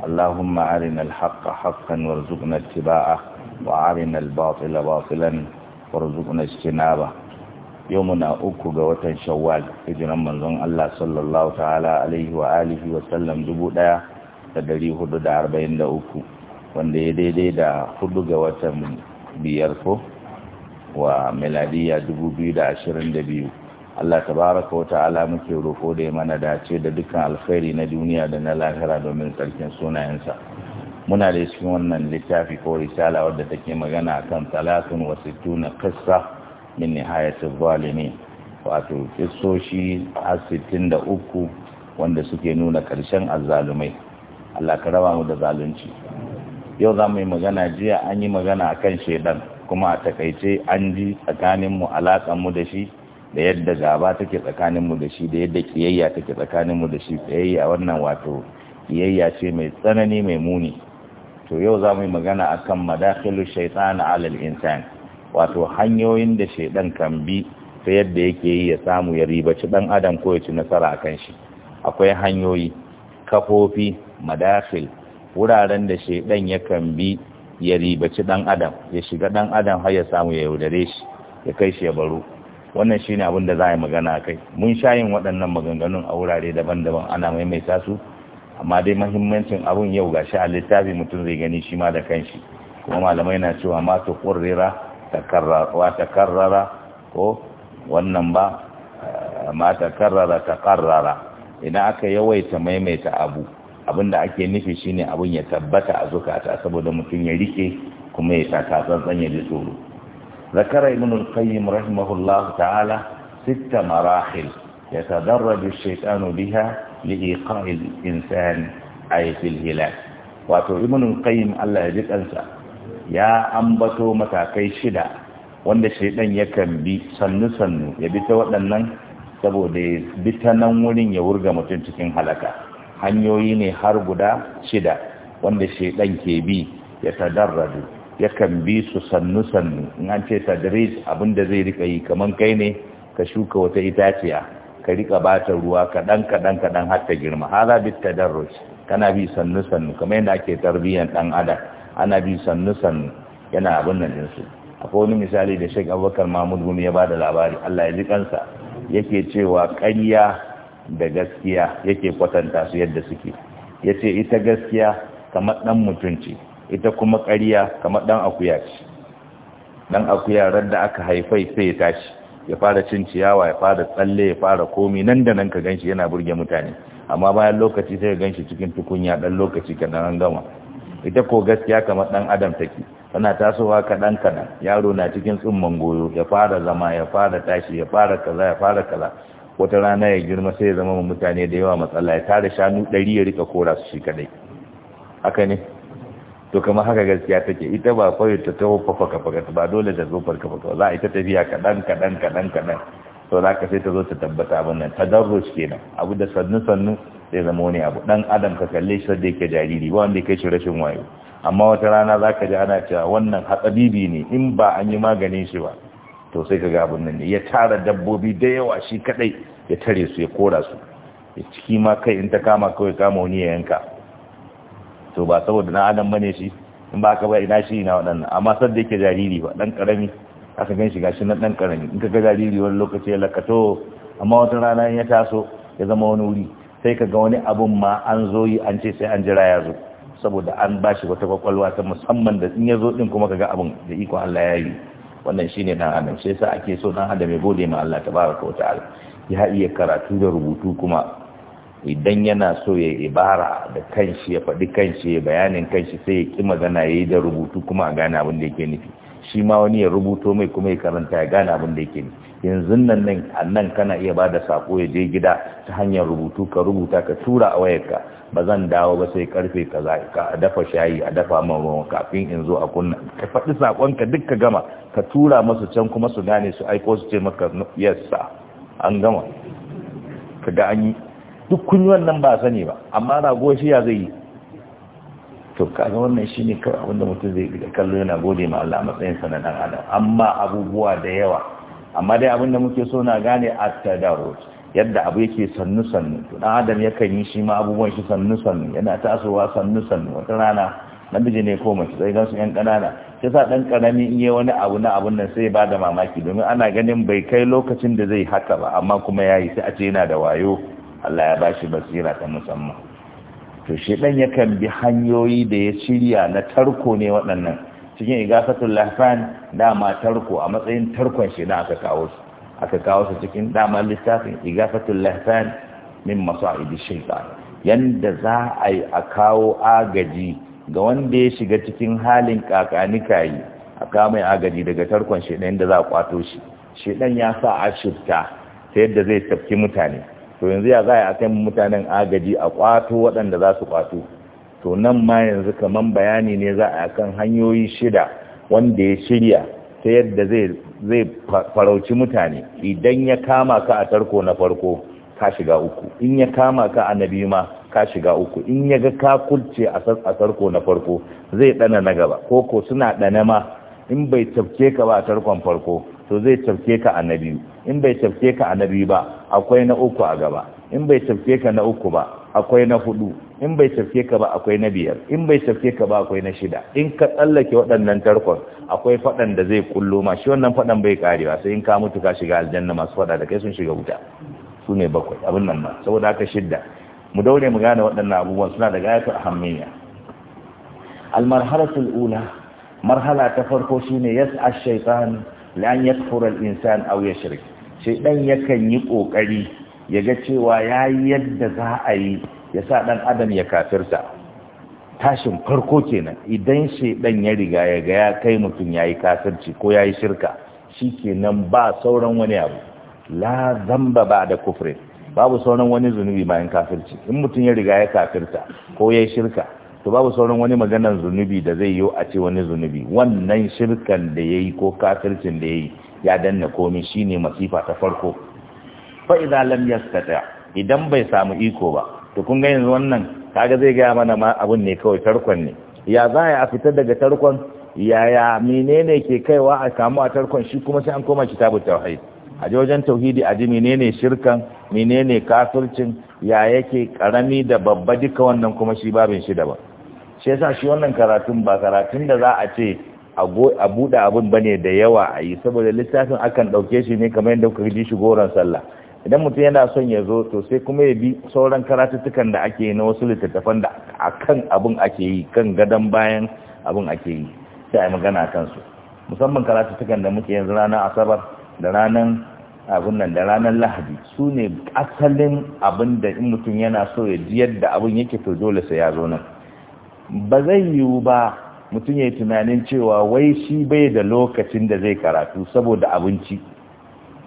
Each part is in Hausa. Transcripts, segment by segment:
اللهم أرنا الحق حقا وارزقنا اتباعه وأرنا الباطل باطلا وارزقنا اجتنابه يومنا أكو قوتا شوال إجرى منظم الله صلى الله تعالى عليه وآله وسلم دبودا تدري حدود أربعين دا أكو wanda ya daidai da hudu ga watan biyar ko wa miladiya biyu Allah tabaraka wa ta'ala muke roko da ya mana dace da dukkan alkhairi na duniya da na lahira domin tsarkin sunayensa muna da cikin wannan littafi ko risala wadda take magana akan talatin wa sittuna qissa min nihayatul zalimin wato kissoshi a 63 wanda suke nuna karshen azzalumai Allah ka raba mu da zalunci yau za mu yi magana jiya an yi magana akan shedan kuma a takaice an ji tsakaninmu mu da shi da yadda gaba take tsakaninmu da shi da yadda kiyayya take tsakanin tsakaninmu da shi tsayayya wannan wato kiyayya ce mai tsanani mai muni to yau za mu yi magana a akan madakhilu shaitan alal insan wato hanyoyin da shaitan kan bi ta yadda yake yi ya samu ya ribaci dan adam ko ya ci nasara akan shi akwai hanyoyi kafofi madakhil wuraren da shaitan kan bi ya ribaci dan adam ya shiga dan adam har ya samu ya yaudare shi ya kai shi ya baro wannan shine ne da za a yi magana kai mun sha yin waɗannan maganganun a wurare daban-daban ana maimaita su amma dai mahimmancin abun yau shi a littafi mutum zai gani shi ma da kanshi kuma malamai na cewa ma ta kurrira ta karrara ko wannan ba eh, ma ta karrara ta karrara idan aka yawaita maimaita abu abin da ake nufi shine abun ya tabbata a zukata saboda mutum ya rike kuma ya tsatsan tsantsan ya ji tsoro ذكر ابن القيم رحمه الله تعالى ست مراحل يتدرج الشيطان بها لإيقاع الإنسان أي في الهلاك wato ibnul qayyim Allah ya ji kansa ya ambato matakai shida wanda shaidan yakan bi sannu sannu ya bi ta waɗannan saboda ya bi ta nan wurin ya wurga mutum cikin halaka hanyoyi ne har guda shida wanda shaidan ke bi ya tadarradu yakan bi su sannu-sannu in an ce tadrij abinda zai rika yi kamar kai ne ka shuka wata itaciya ka rika bata ruwa kaɗan kaɗan kaɗan har ta girma hala bit tadarruj kana bi sannu-sannu kamar yadda ake tarbiyyar ɗan adam ana bi sannu-sannu yana abin nan ɗinsu akwai wani misali da shek abubakar mahmud gumi ya bada labari allah ya ji kansa yake cewa ƙarya da gaskiya yake kwatanta su yadda suke yace ita gaskiya kamar ɗan mutunci ita kuma ƙariya kamar ɗan akuya ce ɗan akuya ran da aka haifai sai ya tashi ya fara cin ciyawa ya fara tsalle ya fara komi nan da nan ka ganshi yana burge mutane amma bayan lokaci sai ka ganshi cikin tukunya ɗan lokaci ka nan gama ita ko gaskiya kamar ɗan adam take tana tasowa kaɗan kaɗan yaro na cikin tsumman goyo ya fara zama ya fara tashi ya fara kaza ya fara kaza wata rana ya girma sai ya zama mutane da yawa matsala ya tara shanu ɗari ya riƙa kora su shi kaɗai haka ne to kamar haka gaskiya take ita ba kawai ta taho fafa kafa ba dole da zo farka fafa za a ita tafiya kaɗan kaɗan kaɗan kaɗan to za ka sai ta zo ta tabbata abin nan ta tadarruj kenan abu da sannu sannu zai zama wani abu dan adam ka kalle shi da yake jariri ba wanda ya kai shi rashin wayo amma wata rana za ka ji ana cewa wannan biyu ne in ba an yi maganin shi ba to sai ka ga abin nan ne ya tara dabbobi da yawa shi kadai ya tare su ya kora su ciki ma kai in ta kama kawai kama wani ya yanka to ba saboda na adam bane shi in ba ka ba ina shi na waɗannan amma sad da yake jariri ba ɗan ƙarami aka gan shi gashi na ɗan ƙarami in ka ga jariri wani lokaci ya lakato amma wata rana in ya taso ya zama wani wuri sai ka ga wani abun ma an zo yi an ce sai an jira ya zo saboda an ba shi wata kwakwalwa ta musamman da in ya zo ɗin kuma ka ga abun da iko Allah ya yi wannan shine dan adam sai sa ake so dan adam ya gode ma Allah tabaraka wa ta'ala ya iya karatu da rubutu kuma idan yana so ya ibara da kanshi ya faɗi kanshi ya bayanin kanshi sai ya ƙi magana ya yi da rubutu kuma a gane abin da yake nufi shi ma wani ya rubuto mai kuma ya karanta ya gane abin da yake nufi yanzu nan nan a nan kana iya ba da saƙo ya je gida ta hanyar rubutu ka rubuta ka tura a wayarka ba zan dawo ba sai karfe kaza ka a dafa shayi a dafa ma ruwan kafin in zo a kunna ka faɗi saƙonka duk ka gama ka tura masu can kuma su gane su aiko su ce maka yes an gama ka ga an yi duk kun yi wannan ba sani ba amma rago shi ya zai yi to kaga wannan shi ne kawai abinda mutum zai da kallo yana gode ma Allah a matsayin sa na dan adam amma abubuwa da yawa amma dai abinda muke so na gane at yadda abu yake sannu sannu to dan adam yakan yi shi ma abubuwan shi sannu sannu yana tasowa sannu sannu wata rana namiji ne ko mace sai gansu yan kanana sai sa dan karami in yayi wani abu na abun nan sai ba da mamaki domin ana ganin bai kai lokacin da zai haka ba amma kuma yayi sai a ce yana da wayo Allah ya bashi basira ta musamman to shi dan yakan bi hanyoyi da ya shirya na tarko ne waɗannan cikin igafatul lahfan dama tarko a matsayin tarkon shi na aka kawo su aka kawo su cikin dama littafin igafatul lahfan min masa'idi shaytan yanda za a yi a kawo agaji ga wanda ya shiga cikin halin yi a kawo mai agaji daga tarkon shedan da za a kwato shi shedan ya sa a shifta ta yadda zai tafki mutane to yanzu ya za a kan mutanen agaji a kwato waɗanda za su kwato to nan ma yanzu kaman bayani ne za a yi kan hanyoyi shida wanda ya shirya ta yadda zai farauci mutane idan ya kama ka a tarko na farko ka shiga uku in ya kama ka a nabi ma ka shiga uku in ya ga ka kulce a tarko na farko zai ɗana na gaba koko suna ɗana ma in bai tafke ka ba a tarkon farko to zai cafke ka a na in bai cafke ka a na ba akwai na uku a gaba in bai cafke ka na uku ba akwai na hudu in bai cafke ka ba akwai na biyar in bai cafke ka ba akwai na shida in ka tsallake waɗannan tarkon akwai faɗan da zai kullo ma shi wannan faɗan bai karewa sai in ka mutu ka shiga aljanna masu faɗa da kai sun shiga wuta su ne bakwai abin nan ma saboda haka shidda mu daure mu gane waɗannan abubuwan suna da gayatar ahammiya marhalatul ula marhala ta farko shine yas'a shaytan lan yakfura al-insan aw yashrik sai dan yakan yi kokari yaga cewa yayi yadda za a yi yasa dan adam ya kafirta tashin farko kenan idan shi dan ya riga ya ga ya kai mutum yayi kafirci ko yayi shirka shikenan ba sauran wani abu la zamba ba da kufri babu sauran wani zunubi bayan kafirci in mutum ya riga ya kafirta ko yayi shirka to babu sauran wani maganar zunubi da zai yi a ce wani zunubi wannan shirkan da ya yi ko kafircin da ya yi ya danna komi shi ne masifa ta farko fa'iza lam yastata idan bai samu iko ba to kun ga yanzu wannan kaga zai gaya mana ma abun ne kawai tarkon ne ya za a fitar daga tarkon yaya menene ke kaiwa a samu a tarkon shi kuma sai an koma kitabu tauhid a ji wajen tauhidi a ji menene shirkan menene kafircin ya yake karami da babba duka wannan kuma shi babin shi daban shi yasa shi wannan karatun ba karatun da za a ce a buɗe abin ba ne da yawa a yi saboda littafin akan ɗauke shi ne kamar yadda kuka ji shi goron sallah idan mutum yana son ya zo to sai kuma ya bi sauran karatuttukan da ake yi na wasu littattafan da a kan abin ake yi kan gadon bayan abin ake yi sai a yi magana a su musamman karatuttukan da muke yanzu ranar asabar da ranar abin nan da ranar lahadi su ne asalin abin da in mutum yana so ya ji yadda abin yake to dole sai ya zo nan ba zai yiwu ba mutum ya tunanin cewa wai shi bai da lokacin da zai karatu saboda abinci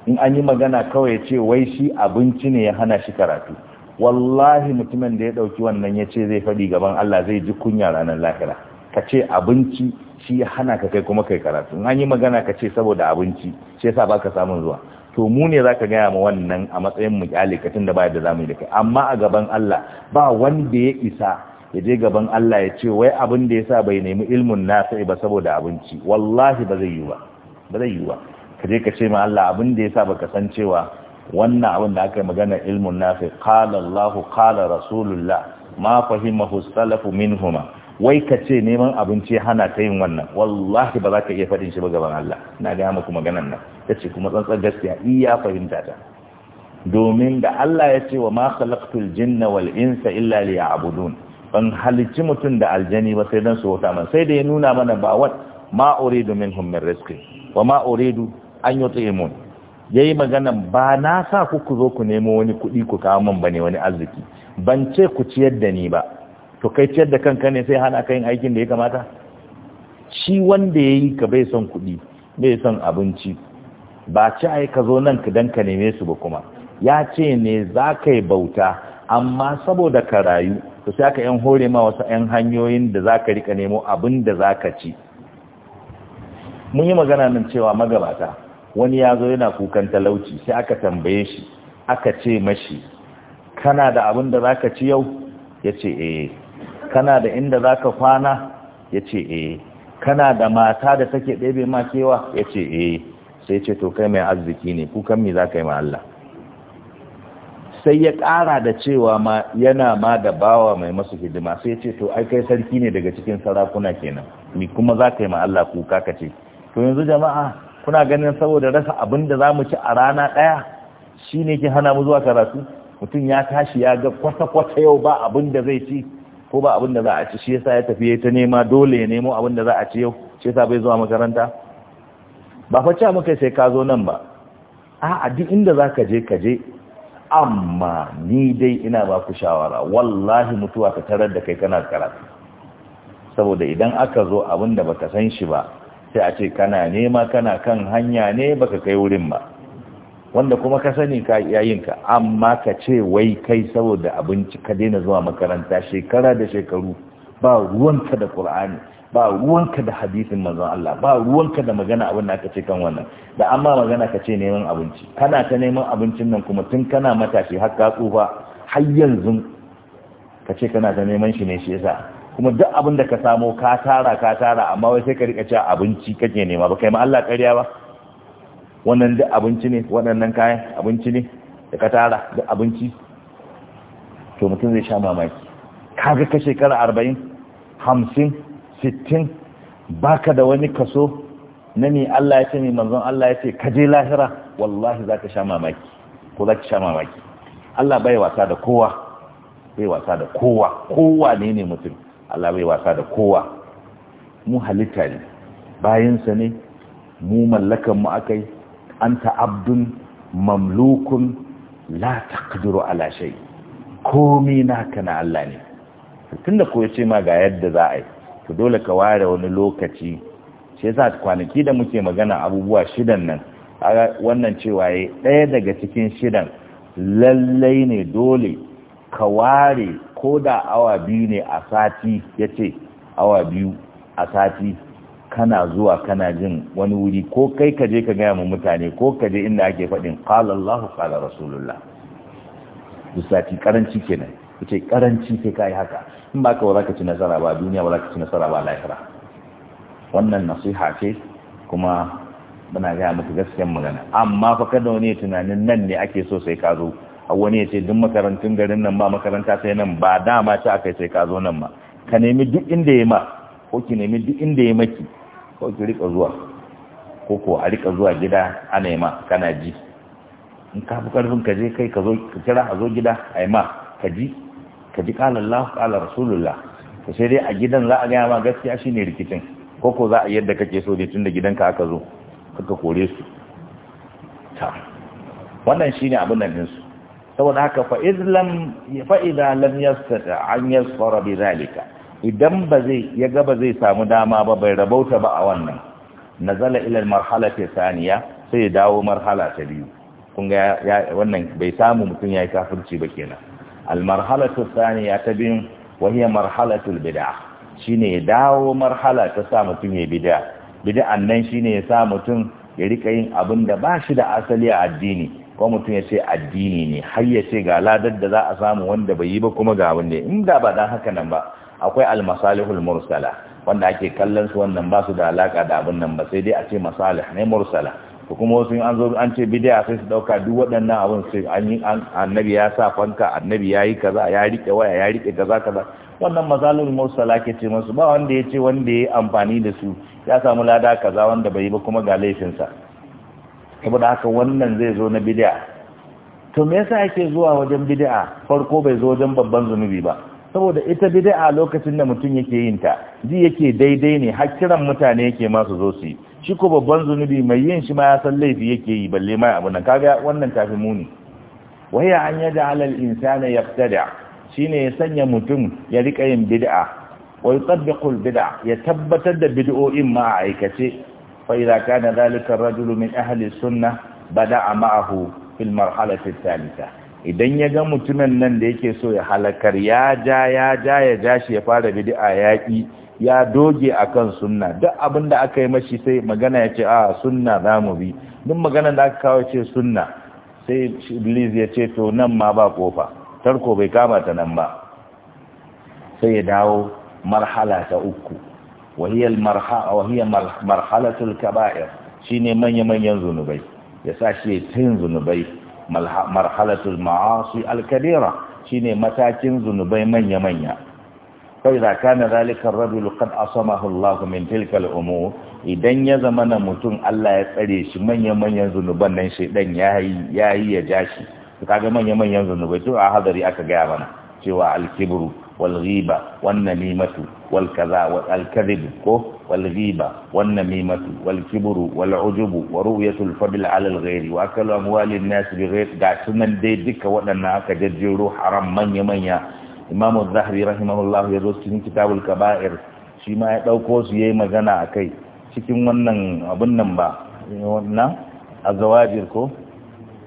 in an yi magana kawai ce wai shi abinci ne ya hana shi karatu wallahi mutumin da ya ɗauki wannan ya ce zai faɗi gaban Allah zai ji kunya ranar lahira ka ce abinci shi ya hana ka kai kuma kai karatu in an yi magana ka ce saboda abinci shi yasa baka samun zuwa to mu ne zaka gaya ma wannan a matsayin mu kyalikatin da ba da zamu yi da kai amma a gaban Allah ba wanda ya isa ya je gaban Allah ya ce wai abin da yasa bai nemi ilmun nafi ba saboda abinci wallahi ba zai yi ba ba zai yi ba ka je ka ce ma Allah abin da yasa baka san cewa wannan abin da aka yi magana ilmun nafi qala Allahu qala rasulullah ma fahimahu salafu minhuma wai ka ce neman abinci hana ta yin wannan wallahi ba za ka iya faɗin shi ba gaban Allah na ga muku maganar nan ce kuma tsantsar gaskiya iya fahimta ta domin da Allah ya ce wa ma khalaqtul jinna wal insa illa liya'budun ban halicci mutum da aljani ba sai don su wuta man sai da ya nuna mana ba wa ma uridu minhum min rizqi wa ma uridu an yut'imun yayi magana ba na sa ku ku zo ku nemo wani kuɗi ku kawo min bane wani arziki ban ce ku ciyar da ni ba to kai ciyar da kanka ne sai hana ka aikin da ya kamata shi wanda yayi ka bai son kuɗi bai son abinci ba ci ai ka zo nan ka dan ka neme su ba kuma ya ce ne za ka bauta amma saboda ka rayu to sai aka yan hore ma wasu yan hanyoyin da za ka rika nemo abin da za ka ci mun yi magana nan cewa magabata wani ya zo yana kukan talauci sai aka tambaye shi aka ce mashi kana da abin da za ka ci yau ya ce eh kana da inda za ka kwana ya ce eh kana da mata da take ɗebe ma kewa ya ce eh sai ce to kai mai arziki ne kukan me za ka yi ma Allah sai ya ƙara da cewa ma yana ma da bawa mai masu hidima sai ce to ai kai sarki ne daga cikin sarakuna kenan ni kuma za ka yi ma Allah kuka ka ce to yanzu jama'a kuna ganin saboda rasa abin da za mu ci a rana ɗaya shi ne ke hana mu zuwa karatu mutum ya tashi ya ga kwata-kwata yau ba abin da zai ci ko ba abin da za a ci shi yasa ya tafi ya ta nema dole ya nemo abin da za a ci yau shi yasa bai zuwa makaranta ba fa cewa muka sai ka zo nan ba a'a duk inda za ka je ka je amma ni dai ina ba ku shawara wallahi mutuwa ta tarar da kai kana karatu saboda idan aka zo abin da baka san shi ba sai a ce kana nema kana kan hanya ne baka kai wurin ba wanda kuma ka sani ka yayinka amma ka ce wai kai saboda abinci ka daina zuwa makaranta shekara da shekaru ba ruwanka da Qur'ani ba ruwanka da hadisin manzon Allah ba ruwanka da magana abin da aka ce kan wannan da amma magana ka ce neman abinci kana ta neman abincin nan kuma tun kana matashi har ka tsufa har yanzu ka ce kana ta neman shi ne shi yasa kuma duk abin da ka samo ka tara ka tara amma wai sai ka rika cewa abinci kake nema ba kai ma Allah ƙarya ba wannan duk abinci ne waɗannan kayan abinci ne da ka tara duk abinci to mutum zai sha mamaki kaga ka shekara arba'in hamsin sittin baka da wani kaso na ne Allah ya ce ne manzon Allah ya ce ka je lahira wallahi za ka sha mamaki ko za ki sha mamaki Allah bai wasa da kowa bai wasa da kowa kowa ne ne mutum Allah bai wasa da kowa mu halitta ne bayansa ne mu mallakan mu akai anta abdun mamlukun la taqdiru ala shay komi naka na Allah ne tunda ko yace ma ga yadda za a yi to dole ka ware wani lokaci shi yasa kwanaki da muke magana abubuwa shidan nan wannan cewa ya ɗaya daga cikin shidan lallai ne dole ka ware ko da awa biyu ne a sati ya ce awa biyu a sati kana zuwa kana jin wani wuri ko kai ka je ka gaya mu mutane ko ka je inda ake faɗin qala Allahu qala Rasulullah duk sati karanci kenan ce ƙaranci sai kai haka in ba ka ba ci nasara ba duniya ba za ka ci nasara ba lahira wannan nasiha ce kuma muna gaya muku gaskiyar magana amma fa kada wani tunanin nan ne ake so sai ka zo wani ya ce duk makarantun garin nan ba makaranta sai nan ba dama ci aka sai ka zo nan ma ka nemi duk inda ya ma ko ki nemi duk inda ya maki ko ki rika zuwa ko ko a rika zuwa gida ana yi kana ji in ka fi karfin ka je kai ka zo kira a zo gida a yi ma ka ji ka ji qala Allah rasulullah ka sai dai a gidan za a ga ma gaskiya shine rikicin ko ko za a yadda kake so dai gidan gidanka aka zo kaka kore su ta wannan shi ne abin nan su saboda haka fa lam ya sata an yastata tsoro bi zalika idan ba zai ya gaba zai samu dama ba bai rabauta ba a wannan Na zala ilar marhala ke saniya, sai ya dawo marhala ta biyu kun ga wannan bai samu mutum ya yi kafirci ba kenan almarhalatul saniya ta biyun wahiyar marhalatul bid'a shine ya dawo marhala ta sa mutum ya bid'a bid'an nan shine ya sa mutum ya rika yin abin da ba shi da asali a addini ko mutum ya ce addini ne har ya ce ga ladar da za a samu wanda bai yi ba kuma ga wanda inda ba dan haka nan ba akwai almasalihul mursala wanda ake kallon su wannan ba su da alaka da abin nan ba sai dai a ce masalih ne mursala ko kuma wasu an zo an ce bidiya sai su dauka duk waɗannan abun sai an yi annabi ya sa fanka annabi ya yi kaza ya rike waya ya rike kaza kaza wannan mazalul mursala ke ce musu ba wanda ya ce wanda ya amfani da su ya samu lada kaza wanda bai yi ba kuma ga laifinsa saboda haka wannan zai zo na bidiya to me yasa yake zuwa wajen bidiya farko bai zo wajen babban zunubi ba saboda ita bid'a lokacin da mutum yake yin ta ji yake daidai ne har kiran mutane yake ma su zo su shi ko babban zunubi mai yin shi ma ya san laifi yake yi balle mai abu nan kaga wannan tafi muni waya an yada ya insana Shi shine ya sanya mutum ya rika yin bid'a wai yutabbiqu bid'a ya tabbatar da bid'o'in ma a aikace fa idza kana dhalika rajulu min ahli sunnah bada'a ma'ahu fil marhalati ath idan ya ga mutumin nan da yake so ya halakar ya ja ya ja ya ja shi ya fara bid'a yaƙi ya doge akan sunna duk abin da aka yi mashi sai magana ya ce a sunna zamu bi duk magana da aka kawo ce sunna sai iblis ya ce to nan ma ba kofa tarko bai kama ta nan ba sai ya dawo marhala ta uku wahiyar marhalatul kaba'ir shine manya-manyan zunubai ya sa shi yin zunubai marhalatul ma'asi al-kabira shine matakin zunubai manya-manya kai da kana zalika ar-rajul qad asamahu Allah min tilka al-umur idan ya zama na mutum Allah ya tsare shi manya-manyan zunuban nan shedan yayi yayi ya jashi kaga manya-manyan zunubai to a hadari aka gaya mana cewa al-kibru wal ghiba wan namimatu wal kaza wal kadhib ko wal ghiba wan namimatu wal kibru wal ujubu wa ru'yatul fadl ala al ghairi wa akalu amwalin nas da sunan dai duka waɗannan aka jajjero haram manya manya imamu zahabi rahimahullah ya zo cikin kitabul kaba'ir shi ya ɗauko su yayi magana kai. cikin wannan abun nan ba na ko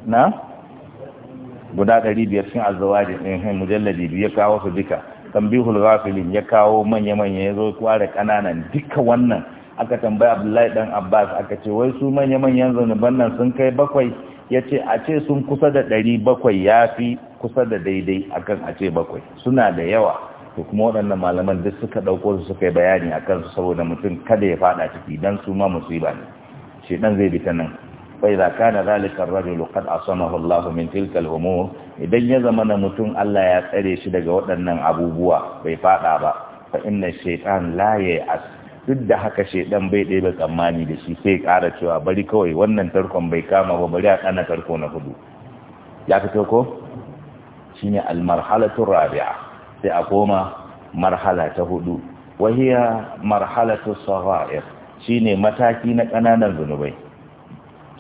na guda cikin azawajir ɗin eh, eh, mujalladi biyu ya kawo su duka tambihul ghafilin ya kawo manya-manya ya kware kananan duka wannan aka tambaya abdullahi dan abbas aka ce wai su manya yanzu zanuban nan sun kai bakwai yace a ce sun kusa da ɗari bakwai ya fi kusa da daidai akan a ce bakwai suna da yawa to kuma waɗannan malaman duk suka ɗauko su suka yi bayani a kansu saboda mutum kada ya fada ciki dan su ma musiba ne shi ɗan zai bi ta nan فإذا كان ذلك الرجل قد أصمه الله من تلك الأمور إذا يزمن متون الله يتأري شدق ودنا أبوبوا بيفاقا با فإن الشيطان لا يأس duk da haka shaidan bai ba tsammani da shi sai kara cewa bari kawai wannan tarkon bai kama ba bari a ɗana tarko na hudu ya fito ko shine almarhalatun rabi'a sai a koma marhala ta hudu wahiya marhalatu shine mataki na ƙananan zunubai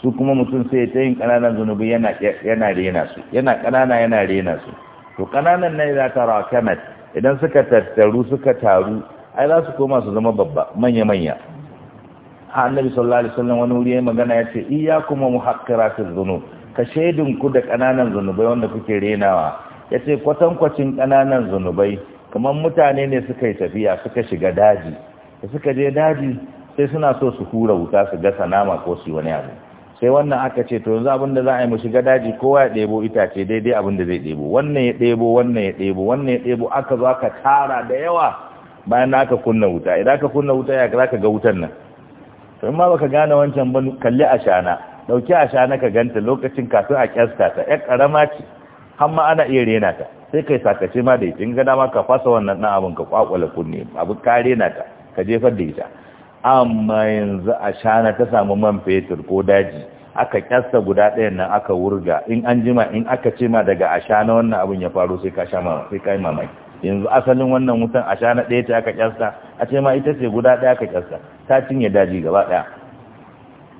su kuma mutum sai ta yin ƙananan zunubi yana yana rena su yana ƙanana yana rena su to ƙananan nan za ta rakamat idan suka tattaru suka taru ai za su koma su zama babba manya manya annabi sallallahu alaihi wasallam wani wuri ya magana ya ce mu wa muhaqqiratuz zunub ka shaidin ku da ƙananan zunubai wanda kuke renawa ya ce kwatankwacin ƙananan zunubai kamar mutane ne suka yi tafiya suka shiga daji da suka je daji sai suna so su hura wuta su gasa nama ko su yi wani abu sai wannan aka ce to yanzu abin za a yi mu shiga daji kowa ya ɗebo itace daidai abin da zai ɗebo wannan ya ɗebo wannan ya ɗebo wannan ya ɗebo aka zo aka tara da yawa bayan da aka kunna wuta idan aka kunna wuta ya za ka ga wutan nan to ma baka gane wancan ban kalli ashana dauki ashana ka ganta lokacin kafin a kyasta ta yar karama ce har ma ana iya rena ta sai kai sakace ma da ita in ga dama ka fasa wannan ɗan abin ka kwakwala kunne abu ka rena ta ka jefar da ita amma yanzu a shana ta samu man fetur ko daji aka kyasta guda ɗayan nan aka wurga in an jima in aka ce ma daga a shana wannan abin ya faru sai ka sha sai ka yi mamaki yanzu asalin wannan wutan a shana ɗaya ce aka kyasta a ce ma ita ce guda ɗaya aka kyasta ta cinye daji gaba ɗaya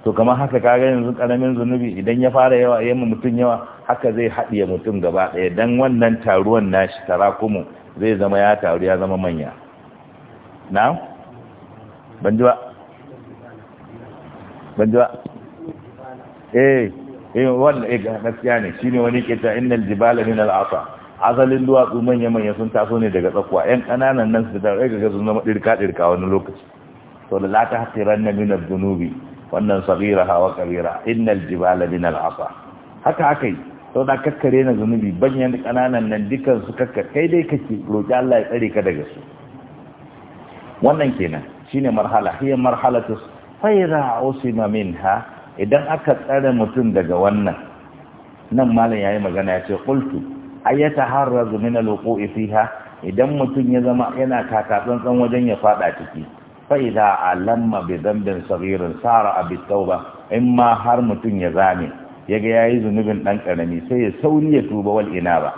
to kamar haka kaga yanzu karamin zunubi idan ya fara yawa yamma mutum yawa haka zai haɗiye mutum gaba ɗaya dan wannan taruwan nashi tarakumu zai zama ya taru ya zama manya na ban ji eh eh wannan eh gaskiya ne shine wani ke ta innal jibala min al asa asalin duwatsu manya manya sun taso ne daga tsakuwa yan kananan nan su da ga sun zama dirka dirka wani lokaci to la ta hasiranna min al dunubi wannan saghiraha wa kabira innal jibala min al asa haka akai sau da kakkare na zunubi banyan kananan nan dukan su kakkare kai dai kake roki Allah ya tsare ka daga su wannan kenan shine marhala hiya marhalatu fa idza usima minha idan aka tsare mutum daga wannan nan malam yayi magana ya ce qultu ayata harazu min alwuqu'i fiha idan mutum ya zama yana tsantsan wajen ya fada ciki fa idza alamma bi dhanbin saghirin sara abi tauba imma har mutum ya zame yaga yayi zunubin dan karami sai ya sauri ya tuba wal inaba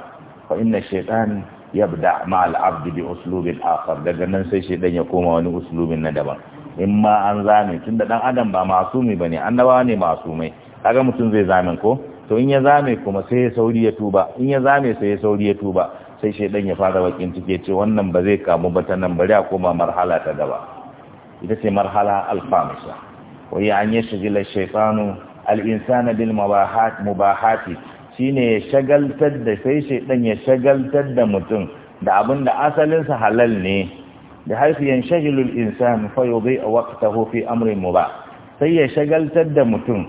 fa inna shaytan yabda ma'al abdi bi uslubin akhar daga nan sai shi dan ya koma wani uslubin na daban in ma an zame tun da dan adam ba masumi bane annaba ne masumai kaga mutum zai zame ko to in ya zame kuma sai ya sauri ya tuba in ya zame sai ya sauri ya tuba sai shi dan ya fara bakin tike ce wannan ba zai kamu ba ta nan bari a koma marhala ta gaba ita ce marhala alfamisa wa ya an yashghila shaytanu al-insana bil mubahat mubahati shine ya shagaltar da sai shaidan ya shagaltar da mutum da abin da asalinsa halal ne da haifiyan shagilul insan fayo bai a wakatahu hofi amurin mu ba sai ya shagaltar da mutum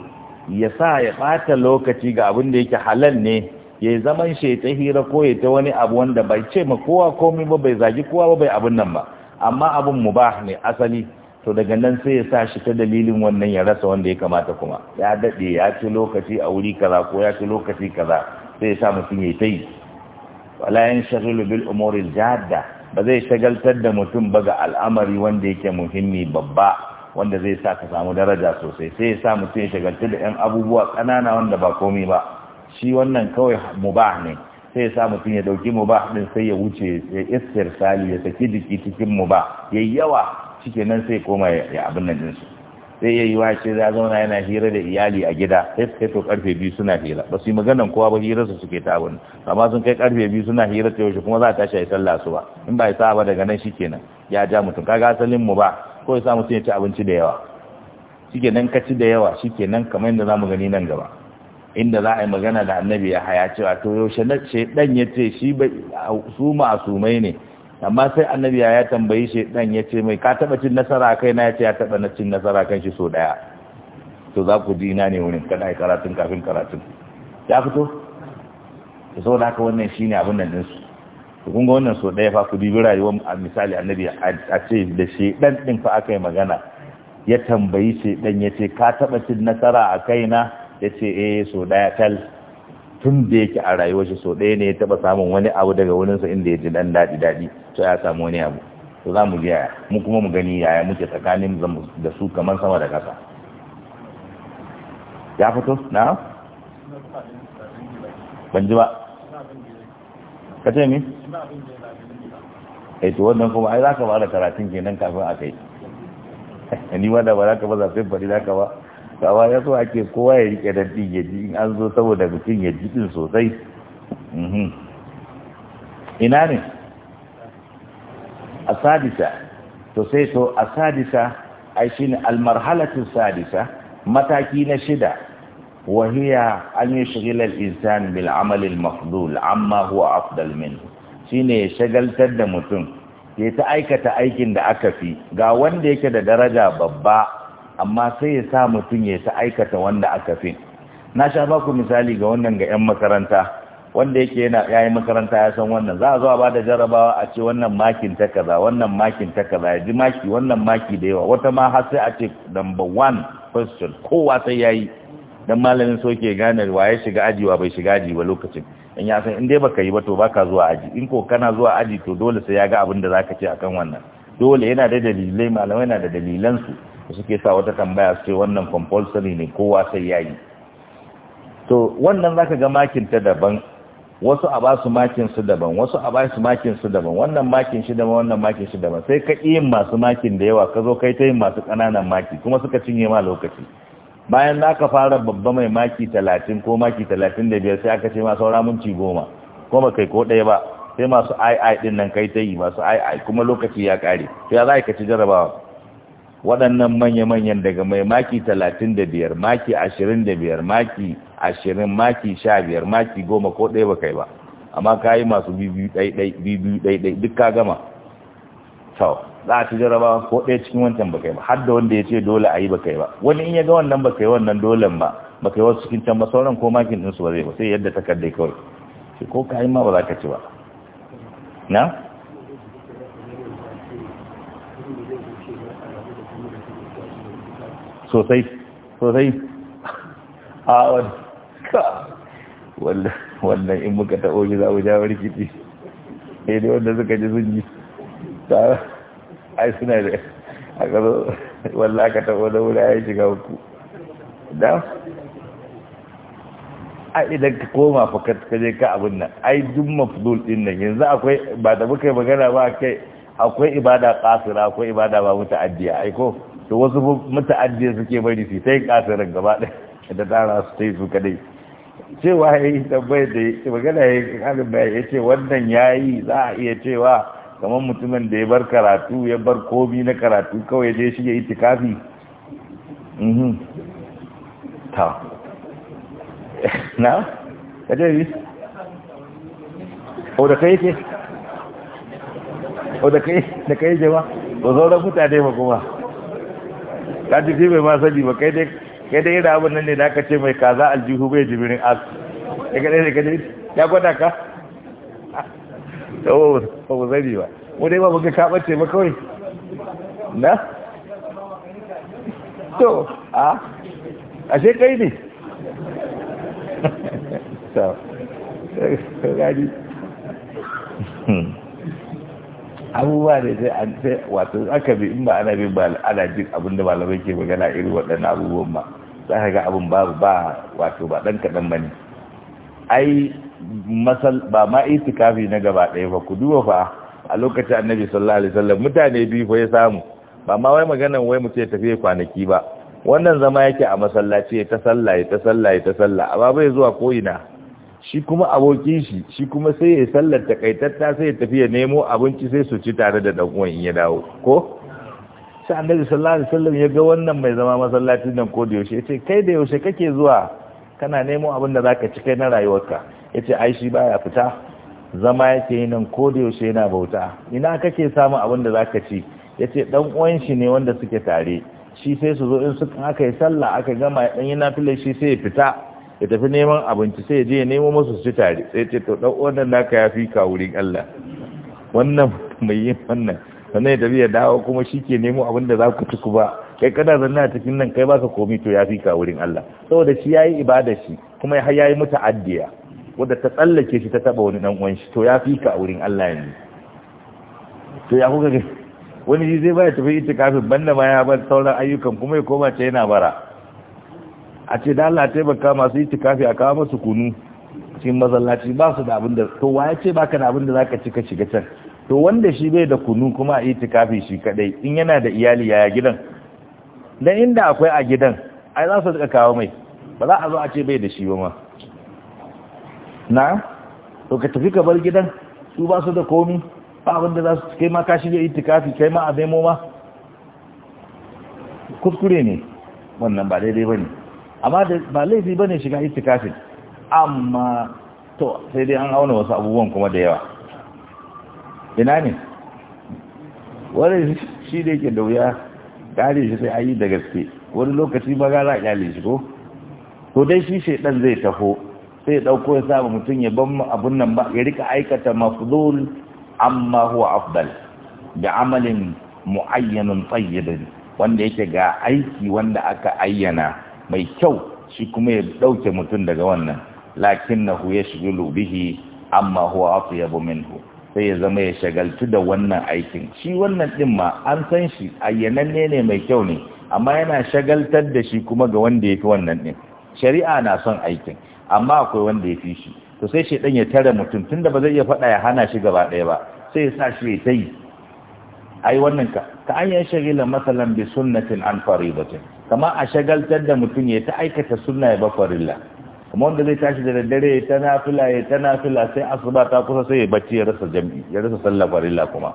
ya sa ya ɓata lokaci ga abin da yake halal ne ya zaman shi ta hira ko ya ta wani abu wanda bai ce ma kowa komai ba bai zagi kowa ba bai abin nan ba amma abin mu ba ne asali to daga nan sai ya sa shi ta dalilin wannan ya rasa wanda ya kamata kuma ya daɗe ya ci lokaci a wuri kaza ko ya ci lokaci kaza sai ya sa mutum ya yi wala yan shagalu bil umuril jadda ba zai shagaltar da mutum ba ga al'amari wanda yake muhimmi babba wanda zai sa ka samu daraja sosai sai ya sa mutum ya shagalta da yan abubuwa ƙanana wanda ba komi ba shi wannan kawai mubah ne sai ya sa mutum ya dauki mubah din sai ya wuce ya sali ya saki jiki cikin mubah yayi yawa cike nan sai koma ya abin nan dinsu sai ya yi wa ce za zauna yana hira da iyali a gida sai su kai to karfe biyu suna hira ba su yi maganan kowa ba hira su suke ta abin amma sun kai karfe biyu suna hira ta yaushe kuma za a tashi a yi sallah su ba in ba ya sa ba daga nan shi kenan ya ja mutum kaga asalin mu ba ko ya sa mutum ya ci abinci da yawa shike nan ka ci da yawa shike nan kamar yadda mu gani nan gaba inda za a yi magana da annabi ya haya cewa to yaushe na ce dan ya ce shi su masumai ne amma sai annabi ya tambayi dan ya ce mai ka taba cin nasara kai na ya ce ya taba na cin nasara kan shi so daya to za ku ji ina ne wurin kada karatun kafin karatun ya fito to da haka wannan shine abin nan din su to kun ga wannan so daya fa ku dibi rayuwar a misali annabi a ce da dan din fa aka yi magana ya tambayi dan ya ce ka taba cin nasara a kaina ya ce eh so daya tal tun da yake a rayuwar shi so ɗaya ne ya taɓa samun wani abu daga wurinsa inda ya ji dan daɗi daɗi to ya samu wani abu to za mu ji yaya mu kuma mu gani yaya muke tsakanin da su kamar sama da ƙasa ya fito na ban ji ba ka ce mi ai eh, to wannan kuma ai za ka ba da karatun kenan kafin a kai ni wanda ba za ka ba za ka ba kawa ya so ake kowa ya rike da din ya ji in an zo saboda mutum ya ji din sosai mhm. ina ne a sadisa to sai to a sadisa ai shine almarhalatu sadisa mataki na shida wahiya an yi shigilar insan bil amalin mafdul amma huwa afdal min shine ya shagaltar da mutum ke ta aikata aikin da aka fi ga wanda yake da daraja babba amma sai ya sa mutum ya ta aikata wanda aka fi na sha ba ku misali ga wannan ga 'yan makaranta wanda yake yana yayin makaranta ya san wannan za a zo a ba da jarabawa a ce wannan makin ta kaza wannan makin ta kaza ya ji maki wannan maki da yawa wata ma har sai a ce number one question kowa sai ya yi dan malamin soke gane wa ya shiga aji wa bai shiga aji ba lokacin in ya san in dai baka yi ba to baka zuwa aji in ko kana zuwa aji to dole sai ya ga abin da zaka ce akan wannan dole yana da dalilai malamai na da dalilan su suke sa wata tambaya ce wannan compulsory ne kowa sai yayi to wannan zaka ga makin ta daban wasu a ba su makin su daban wasu a ba su makin su daban wannan makin shi daban wannan makin shi daban sai ka yin masu makin da yawa ka zo kai ta yin masu ƙananan maki kuma suka cinye ma lokaci bayan za ka fara babba mai maki talatin ko maki talatin da biyar sai aka ce ma saura mun ci goma kuma ba kai ko ɗaya ba sai masu ai ai ɗin nan kai ta yi masu ai ai kuma lokaci ya ƙare sai za ka ci jarabawa waɗannan manya-manyan daga mai maki talatin da biyar maki ashirin da biyar maki ashirin maki sha biyar maki goma ko ɗaya ba kai ba amma ka yi masu biyu ɗaiɗai duk ka gama sau za a ci jaraba ko ɗaya cikin wancan ba kai ba har da wanda ya ce dole a yi ba kai ba wani in ya ga wannan ba kai wannan dole ba ba kai wasu cikin can ba sauran ko makin ɗinsu ba zai ba sai yadda takardai kawai ko ka yi ma ba za ka ci ba na sosai sosai a wani wannan in muka taɓo shi za mu ja rikici sai wanda suka ji sun yi ta ai suna da a ƙasa wallah aka taɓo da wuri ya shiga hukku da a idan ka koma fakat ka je ka abin nan ai duk mafudul din nan yanzu akwai ba da muka yi magana ba kai akwai ibada kasira akwai ibada ba mutu addiya ai ko to wasu muta'addi suke bari su sai kasarin gaba ɗaya da tsara su yi su kadai cewa ya yi tabbai da ya magana ya yi karin bayan ya ce wannan ya yi za a iya cewa kamar mutumin da ya bar karatu ya bar komi na karatu kawai ya shi ya yi tikafi mhm. ta na? ka ce yi? o da kai ke? o da kai da kai jama? ba zo da mutane ba kuma ka ji kai bai ma ba kai dai dai yana abin nan ne da aka ce mai kaza aljihu bai jimirin as ya gane dai ka dai ya gwada ka yawon ba mu ba mu dai ba muka kabace ba kawai na to a ashe kai ne ta gani hmm. abubuwa da sai an sai wato aka bi in ba ana bi ba ana jin abin da malamai ke magana irin waɗannan abubuwan ba za ka ga abin babu ba wato ba ɗan kaɗan ba ne ai masal ba ma itikafi na gaba ɗaya ba ku duba fa a lokacin annabi sallallahu alaihi wasallam mutane biyu fa ya samu ba ma wai maganan wai mu ce tafiye kwanaki ba wannan zama yake a masallaci ya ta sallah ya ta sallah ya ta sallah amma bai zuwa ko ina shi kuma abokin shi shi kuma sai ya sallar takaitatta sai ya tafi ya nemo abinci sai su ci tare da dan uwan in ya dawo ko sai annabi sallallahu alaihi wasallam ya ga wannan mai zama masallacin nan ko da yaushe yace kai da yaushe kake zuwa kana nemo abin da zaka ci kai na rayuwarka yace ai shi baya fita zama yake yi nan ko da yaushe yana bauta ina kake samu abin da zaka ci yace dan uwan shi ne wanda suke tare shi sai su zo in suka aka yi sallah aka gama dan yana fille shi sai ya fita ya tafi neman abinci sai je ya nemo masu su tare sai ce to dan wannan naka ya fi ka wurin Allah wannan mai yin wannan sannan ya tafi ya dawo kuma shi ke nemo abin da za ku ci ku ba kai kana zanna a cikin nan kai baka komi to ya fi ka wurin Allah saboda shi yayi ibada shi kuma ya yayi mata addiya wanda ta tsallake shi ta taba wani dan uwan shi to ya fi ka wurin Allah yanzu to ya kuka wani zai ba ya tafi itikafin banda ma ya bar sauran ayyukan kuma ya koma ta yana bara a ce da Allah taimaka masu yi tikafi a kawo masu kunu cikin masallaci ba su da abin da to wa ya ce baka da abin da zaka ci ka shiga can to wanda shi bai da kunu kuma a tikafi shi kadai in yana da iyali yaya gidan dan inda akwai a gidan ai za su kawo mai ba za a zo a ce bai da shi ba ma na to ka tafi ka bar gidan su ba su da komi ba abin da za su kai ma ka shige itikafi kai ma a zai ma kuskure ne wannan ba daidai ba ne amma ba laifi ne shiga itikafin amma to sai dai an auna wasu abubuwan kuma da yawa ina ne wani shi da yake da wuya gari shi sai ayi da gaske wani lokaci ba gara kyale shi ko to dai shi shaidan zai taho sai ya dauko ya saba mutum ya ban abun nan ba ya rika aikata mafdul amma huwa afdal da amalin mu'ayyanun tsayyidin wanda yake ga aiki wanda aka ayyana mai kyau shi kuma ya ɗauke mutum daga wannan lakin na ya shigulu bihi amma huwa bu minhu sai ya zama ya shagaltu da wannan aikin shi wannan ɗin ma an san shi ayyananne ne mai kyau ne amma yana shagaltar da shi kuma ga wanda ya fi wannan ɗin, shari'a na son aikin amma akwai wanda ya fi shi to sai shi dan ya tare mutum tunda ba zai iya faɗa ya hana shi gaba ɗaya ba sai ya sa shi ya ta yi ai wannan ka ka an yi shagila masalan bi sunnatin an faribatin kama a shagaltar da mutum ya ta aikata sunna ya bakwarilla kuma wanda zai tashi da daddare ya ta nafila ya ta nafila sai asuba ta kusa sai ya bacci ya rasa jam'i ya rasa sallah farilla kuma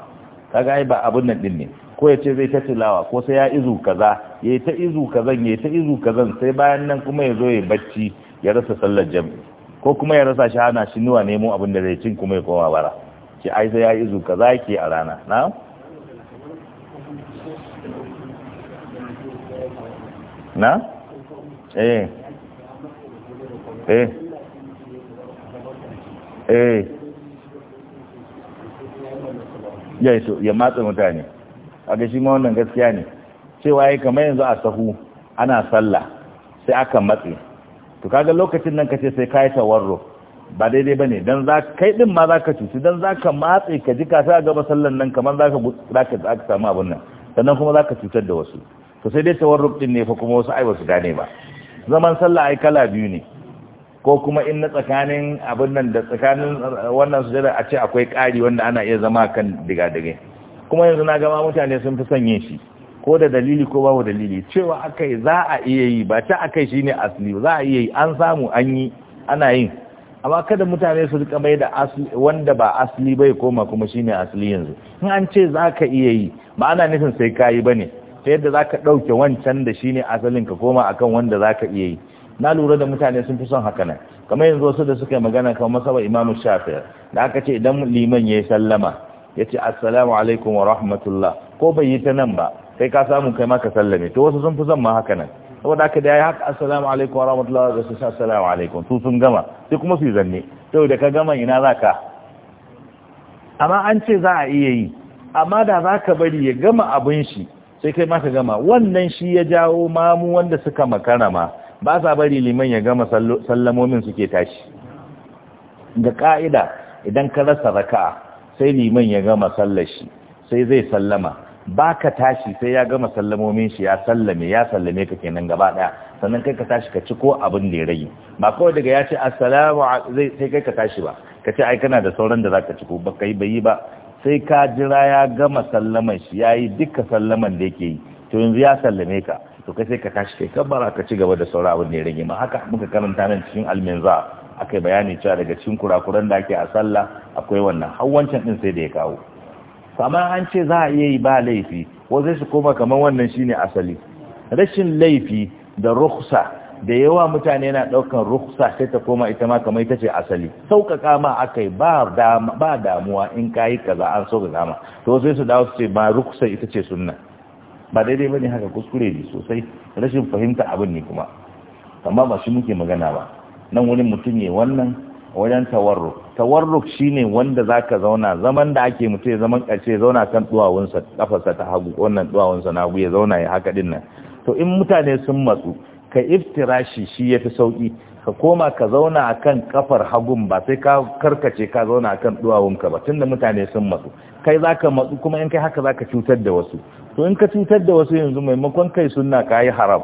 kaga ai ba abun nan din ne ko ya ce zai ta tilawa ko sai ya izu kaza ya ta izu kazan ya ta izu kazan sai bayan nan kuma ya zo ya bacci ya rasa sallar jam'i ko kuma ya rasa shi ana shi nuwa nemo abin da zai cin kuma ya koma bara ki ai sai ya izu kaza yake a rana na'am na eh eh eh ya so ya matsa mutane a ga shi ma wannan gaskiya ne cewa ya kamar yanzu a sahu ana sallah sai aka matsi, to kaga lokacin nan kace sai kayi tawarro ba daidai ne don za kai din ma za ka cuci za ka matse ka ji kasa a gaba tsallan nan kamar za ka samu abun nan sannan kuma za ka cutar da wasu to sai dai tawarruk din ne fa kuma wasu ai basu gane ba zaman sallah ai kala biyu ne ko kuma in na tsakanin abin nan da tsakanin eh, wannan sujada a ce akwai ƙari wanda ana iya zama kan diga-dige kuma yanzu na gama mutane sun fi son yin shi ko da dalili ko babu dalili cewa akai za a iya yi ba ta akai shine asli za a iya yi an samu an yi ana yin amma kada mutane su rika mai da wanda ba asli bai koma kuma shine asli yanzu in an ce za ka iya yi ba ana nufin sai kayi bane ta yadda za ka ɗauke wancan da shi ne asalin ka koma akan wanda za ka iya yi na lura da mutane sun fi son haka nan kamar yanzu wasu da suka yi magana kamar masaba imamu shafi'i da aka ce idan liman ya yi sallama ya ce assalamu alaikum wa rahmatullah ko bai yi ta nan ba kai ka samu kai ma ka sallame to wasu sun fi son ma haka nan saboda haka da ya yi haka assalamu alaikum wa rahmatullah da su assalamu alaikum su sun gama sai kuma su yi zanne sau da ka gama ina za ka amma an ce za a iya yi amma da za ka bari ya gama abin shi sai kai ma ka gama wannan shi ya jawo mamu wanda suka makara ma ba sa bari liman ya gama sallamomin suke tashi da ka'ida idan ka rasa raka'a sai liman ya gama sallashi sai zai sallama ba ka tashi sai ya gama sallamomin shi ya sallame ya sallame ka kenan gaba daya sannan kai ka tashi ka ci ko abin da ya rage ba kawai daga ya ce assalamu sai kai ka tashi ba ka ce ai kana da sauran da zaka ci ko ba kai bai yi ba sai ka jira ya gama sallaman shi ya yi duka sallaman da yake yi to yanzu ya sallame ka to kai sai ka tashi kai kabbara ka ci gaba da saura abin da ya rage ma haka muka karanta nan cikin alminza akai bayani cewa daga cikin kurakuran da ake a sallah akwai wannan hawancin din sai da ya kawo amma an ce za a iya yi ba laifi ko zai su koma kamar wannan shine asali rashin laifi da rukhsa da yawa mutane na ɗaukan ruksa sai ta koma ita ma kamar ita ce asali sauƙaƙa ma aka yi ba damuwa in ka yi kaza an so gama. to sai su dawo su ce ba ruksa ita ce sunna ba daidai ba ne haka kuskure ne sosai rashin fahimta abin ne kuma amma ba shi muke magana ba nan wani mutum ne wannan wajen tawarruk tawarruk shine wanda zaka zauna zaman da ake mutu ya zaman kace zauna kan duwawunsa kafarsa ta hagu wannan duwawunsa na hagu ya zauna ya haka din nan to in mutane sun matsu ka iftirashi shi ya fi sauƙi ka koma ka zauna a kan kafar hagun ba sai ka karkace ka zauna a kan duwawunka ba tunda mutane sun matsu kai za ka matsu kuma in kai haka za ka cutar da wasu to in ka cutar da wasu yanzu maimakon kai sunna ka yi haram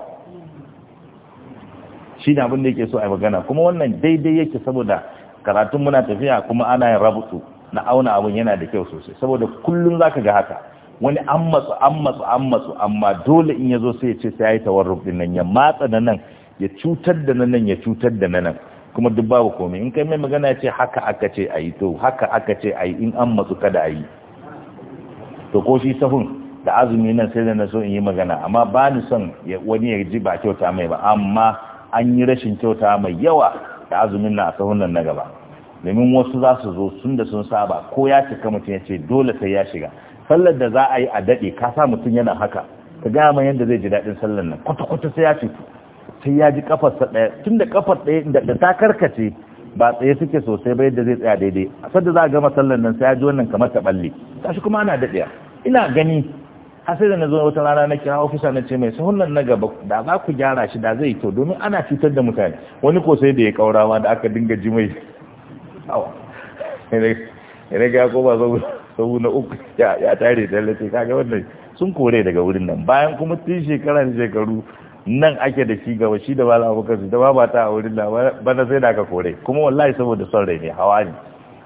shi ne abin da yake so a magana kuma wannan daidai yake saboda karatun muna tafiya kuma ana yin rabutu na auna abin yana da kyau sosai saboda kullum za ka ga haka wani an matsu an matsu an matsu amma dole in ya zo sai ya ce sai ya yi tawarruf din nan ya matsa na nan ya cutar da na nan ya cutar da na nan kuma duk babu komai in kai mai magana ya ce haka aka ce a yi to haka aka ce a yi in an masu kada a yi to ko shi sahun da azumi nan sai da na so in yi magana amma ba ni son wani ya ji ba kyauta mai ba amma an yi rashin kyauta mai yawa da azumin na a sahun nan na gaba domin wasu za su zo sun da sun saba ko ya cika mutum ya ce dole sai ya shiga sallar da za a yi a daɗe ka sa mutum yana haka ka gaya man yadda zai ji daɗin sallar nan kwata-kwata sai ya fito sai ya ji kafarsa ɗaya tun da kafar ɗaya da ta karkace ba tsaye suke sosai ba yadda zai tsaya daidai a sadda za a gama sallar nan sai ya ji wannan kamar ta balle shi kuma ana daɗiya ina gani a sai da na zo wata rana na kira ofisa na ce mai sahunan na gaba da za ku gyara shi da zai to domin ana cutar da mutane wani ko sai da ya kaurawa da aka dinga ji mai yana ga ko ba sau na uku ya tare tallace kaga wannan sun kore daga wurin nan bayan kuma tun shekara da shekaru nan ake da shi gaba shi da ba abokan su da ba ba ta a wurin nan bana sai da ka kore kuma wallahi saboda son rai ne hawa ne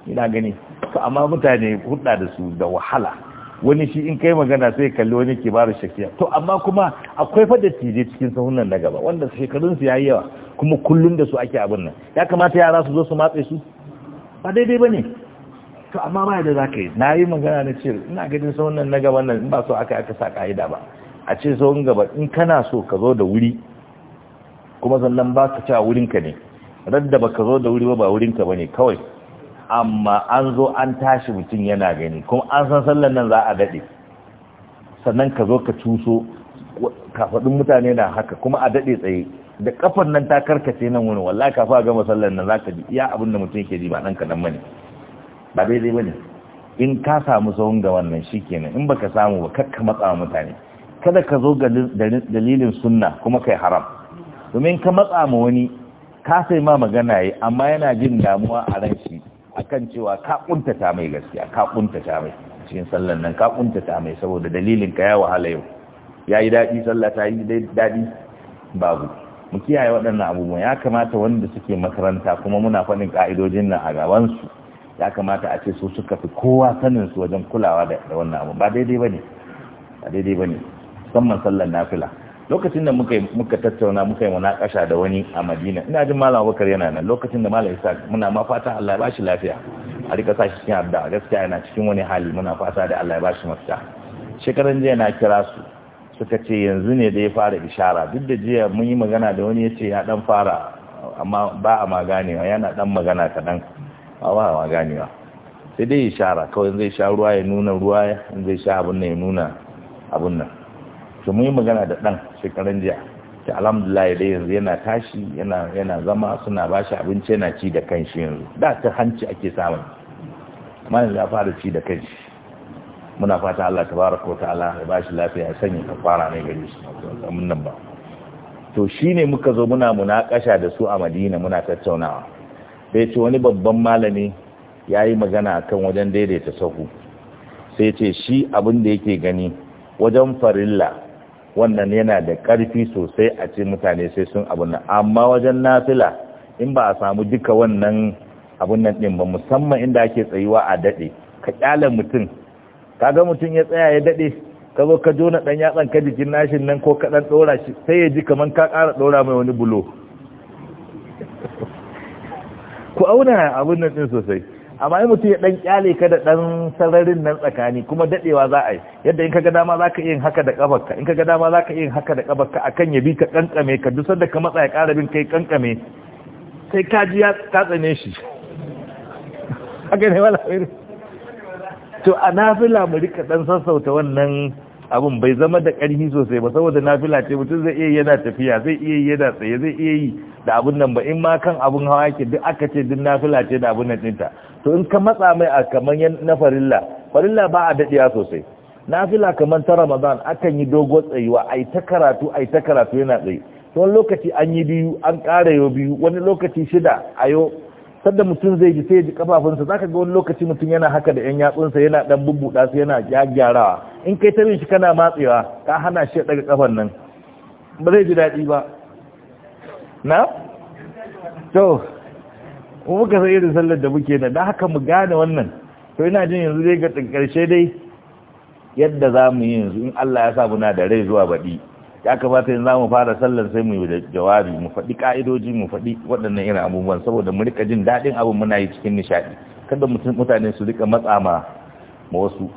ina gani to amma mutane hudda da su da wahala wani shi in kai magana sai kalli wani ke bada shakiya to amma kuma akwai da tije cikin sahunan na gaba wanda shekarunsu ya yi yawa kuma kullum da su ake abin nan ya kamata yara su zo su matse su ba daidai bane to amma ma yadda za ka yi na yi magana na ce ina gajin sau nan na gaban nan ba so aka aka sa ka'ida ba a ce sau gaba in kana so ka zo da wuri kuma sannan ba ka cewa wurinka ne radda ba ka zo da wuri ba ba wurinka ba ne kawai amma an zo an tashi mutum yana gani kuma an san sallan nan za a daɗe sannan ka zo ka cuso kafaɗin mutane na haka kuma a daɗe tsaye da kafan nan ta karkace nan wani wallahi kafa gama masallan nan za ka ji iya abin da mutum yake ji ba ɗan kaɗan mani ba daidai ba ne in ka samu tsohon ga wannan shi kenan in baka samu ba kakka matsa mutane kada ka zo ga dalilin sunna kuma kai haram domin ka matsa ma wani ka sai ma magana yi amma yana jin damuwa a ran shi akan cewa ka kuntata mai gaskiya ka kuntata mai cikin sallan nan ka kuntata mai saboda dalilin ka ya wahala yau ya yi daɗi sallah ta yi daɗi babu mu kiyaye waɗannan abubuwan ya kamata wanda suke makaranta kuma muna faɗin ƙa'idojin nan a gabansu ya kamata a ce su suka fi kowa sanin su wajen kulawa da wannan abu ba daidai bane ba daidai bane musamman sallar nafila lokacin da muka muka tattauna muka yi munakasha da wani a Madina ina jin Malam Abubakar yana nan lokacin da Malam Isa muna ma fata Allah ya bashi lafiya a rika sa shi cikin addu'a gaskiya yana cikin wani hali muna fata da Allah ya bashi mafita shekaran jiya na kira su suka ce yanzu ne da ya fara ishara duk da jiya mun yi magana da wani ya ce ya dan fara amma ba a maganewa yana dan magana kaɗan ba ba ma ganewa sai dai ishara kawai zai sha ruwa ya nuna ruwa in zai sha abin nan ya nuna abin nan to mun yi magana da ɗan shekaran jiya ta alhamdulillah dai yanzu yana tashi yana yana zama suna ba shi abinci yana ci da kanshi yanzu da ta hanci ake samun amma yanzu ya fara ci da kanshi muna fata Allah tabaraka wa ta'ala ya bashi lafiya ya sanya fara ne gari shi amma nan ba to shine muka zo muna munakasha da su a Madina muna tattaunawa sai ce wani babban malami ya yi magana kan wajen daidaita sahu sai ce shi abin da yake gani wajen farilla wannan yana da ƙarfi sosai a ce mutane sai sun abin nan amma wajen nafila in ba a samu duka wannan abin nan ɗin ba musamman inda ake tsayuwa a daɗe ka ƙyalar mutum ka ga mutum ya tsaya ya daɗe ka zo ka jona ɗan yatsan ka jikin nashin nan ko ka ɗan ɗora shi sai ya ji kamar ka ƙara ɗora mai wani bulo ku auna abin nan din sosai amma yi mutum ya dan kyale ka da dan sararin nan tsakani kuma dadewa za a yi yadda in ka ga dama za ka yin haka da kafarka in ka ga dama za ka yin haka da kafarka a ya bi ka kankame ka dusar da ka matsa ya kara bin kai kankame sai ka ji ya tsane shi haka ne wala to a nafila mu rika dan sassauta wannan abin bai zama da ƙarfi sosai ba saboda nafila ce mutum zai iya yana tafiya zai iya yana tsaye zai iya yi da abin nan ba in ma kan abin hawa ke duk aka ce duk nafila ce da abin nan ɗinta to in ka matsa mai a kamar na farilla farilla ba a daɗiya sosai nafila kamar ta ramadan akan yi dogo tsayuwa a ta karatu a ta karatu yana tsaye to wani lokaci an yi biyu an ƙara yau biyu wani lokaci shida a yau sadda mutum zai ji sai ji kafafunsa zaka ga wani lokaci mutum yana haka da yan yatsunsa yana dan bubbuda su yana gyagyarawa in kai ta bin shi kana matsewa ka hana shi daga kafan nan ba zai ji daɗi ba na to muka sai irin sallar da muke da da haka mu gane wannan to ina jin yanzu dai ga karshe dai yadda za mu yi yanzu in Allah ya sa muna da rai zuwa baɗi ya kamata yanzu zamu fara sallar sai mu yi jawabi mu faɗi ƙa'idoji mu faɗi waɗannan irin abubuwan saboda mu rika jin daɗin abin muna yi cikin nishaɗi kada mutum mutane su rika matsa ma wasu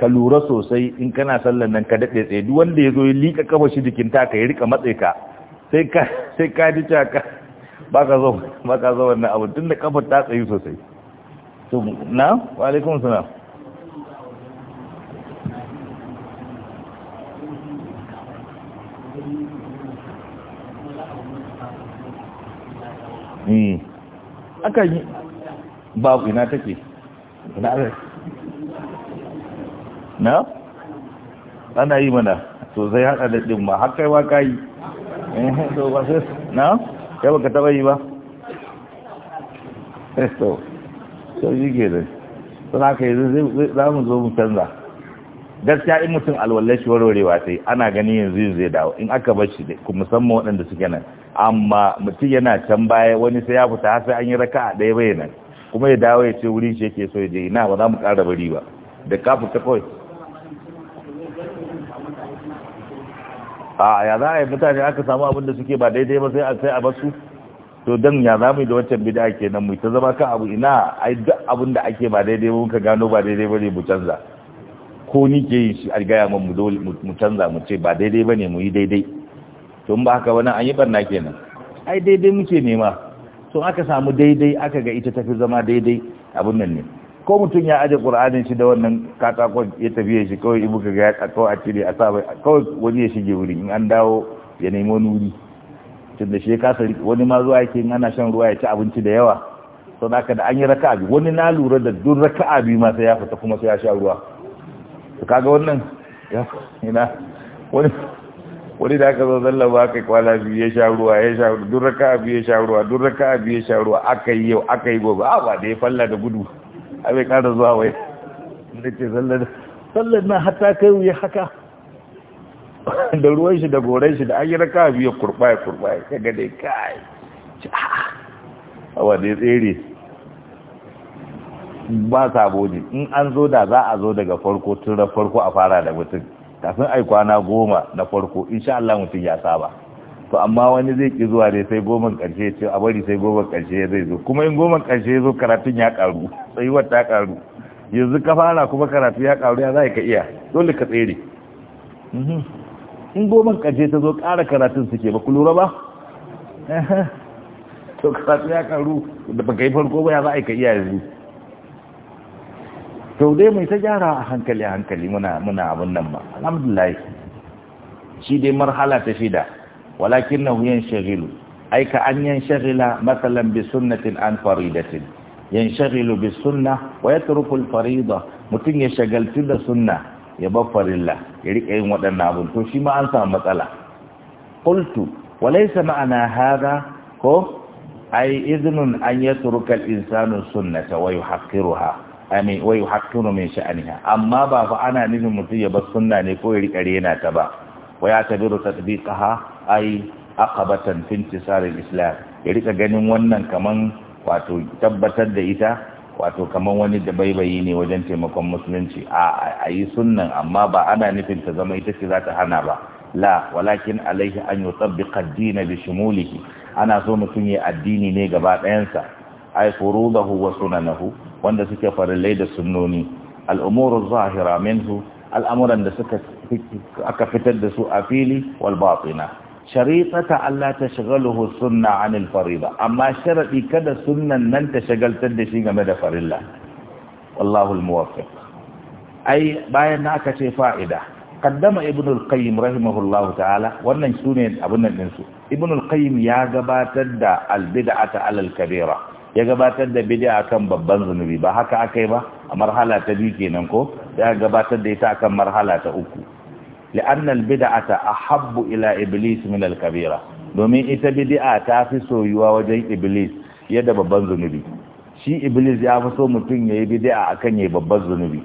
ka lura sosai in kana sallar nan ka daɗe tsaye duk wanda ya zo ya liƙa kafa shi jikin taka ya rika matsa ka sai ka sai ka ji ka ba ka zo ba ka zo wannan abu tunda kafa ta tsaye sosai to na wa alaikum Hmm. akan yi babu ina take na ana yi mana to zai hada da ɗin ma har kai wa ka yi eh, na ya baka taɓa yi ba eh, to so shi ke da sun haka za mu zo mu canza gaskiya in mutum alwallashi warwarewa ta yi ana gani yanzu zai dawo in aka bar shi kuma musamman waɗanda suke nan amma mutum yana can baya wani sai ya fita har sai an yi raka a ɗaya bai nan kuma ya dawo ya ce wurin shi yake so ya je ina ba za mu ƙara bari ba da ka fita kawai a ya za a yi mutane aka samu abin da suke ba daidai ba sai a sai a basu to dan ya za mu yi da waccan bid'a kenan mu ta zama ka abu ina ai duk abin da ake ba daidai ba muka gano ba daidai ba ne mu canza ko ni ke yi shi a gaya mu dole mu canza mu ce ba daidai ba ne mu yi daidai tun ba haka wani an yi barna kenan ai daidai muke nema sun aka samu daidai aka ga ita tafi zama daidai abin nan ne ko mutum ya aje qur'anin shi da wannan katakon ya tafi shi kawai ibu ka ga ya kawai a cire a sa kawai wani ya shige wuri in an dawo ya nemo wani wuri tun da shi ya kasa wani ma zuwa yake in ana shan ruwa ya ci abinci da yawa sau da da an yi raka'a bi wani na lura da duk raka'a bi ma sai ya fita kuma sai ya sha ruwa to kaga wannan ya ina wani wani da aka zo zalla ba aka kwana biyu ya sha ruwa ya sha ruwa duk raka biyu ya sha ruwa duk raka biyu ya sha ruwa aka yi yau aka yi gobe a ba da ya falla da gudu a bai kara zuwa wai da ce sallar na hata kai wuya haka da ruwan shi da goren shi da an yi raka biyu kurba ya kurba ya kaga dai kai awa da ya tsere ba sabo ne in an zo da za a zo daga farko tun da farko a fara da mutum kafin ai kwana goma na farko insha Allah mutum ya saba to amma wani zai ki zuwa dai sai goma karshe ce a bari sai goma karshe zai zo kuma in goma karshe zo karatun ya karu tsayuwar ta karu yanzu ka fara kuma karatu ya karu ya zai ka iya dole ka tsere mhm. in goma karshe ta zo ƙara karatun suke ba ku lura ba to karatu ya karu da ba yi farko ba ya za a ka iya yanzu to dai mai ta gyara a hankali a hankali muna muna nan ba alhamdulillah shi dai marhala ta shida walakin na huyan shagilu ai ka an yan shagila masalan bi sunnatin an faridatin yan shagilu bi sunna wa ya turkul farida mutum ya shagaltu da sunna ya bar farilla ya rika yin waɗannan abun to shi ma an samu matsala kultu wa laysa ma'ana hada ko ai izinin an yatruka al ta sunnata wa yuhaqqiruha ani wai hakkunu min sha'aniha amma ba fa ana nufin mutum ya bar sunna ne ko ya rika rena ta ba wa ya tabiru tatbiqaha ai aqabatan fi intisaril islam ya rika ganin wannan kaman wato tabbatar da ita wato kaman wani da baibayi ne wajen taimakon musulunci a ayi sunnan amma ba ana nufin ta zama ita ce za ta hana ba la walakin alaihi an yutabbiqa ad-din bi shumulihi ana so mutum ya addini ne gaba ɗayansa ay furudahu wa sunanahu wanda suke farillai da sunnoni al'umuru zahira minhu al'amuran da suka aka fitar da su a fili wal batina sharifata Allah ta shagaluhu sunna anil farida amma sharadi kada sunnan nan ta shagaltar da shi game da farilla wallahu almuwaffiq ai bayan na aka ce fa'ida kaddama ibn al-qayyim rahimahullahu ta'ala wannan sune abun nan din su ibn al-qayyim ya gabatar da al-bid'ata ta al-kabira ya gabatar da bid'a akan babban zunubi ba haka aka yi ba a marhala ta biyu kenan ko ya gabatar da ita akan marhala ta uku li'anna bidata ahabbu ila iblis min al-kabira domin ita bid'a ta fi soyuwa wajen iblis yadda babban zunubi shi iblis ya fi so mutum yayi bid'a akan yayi babban zunubi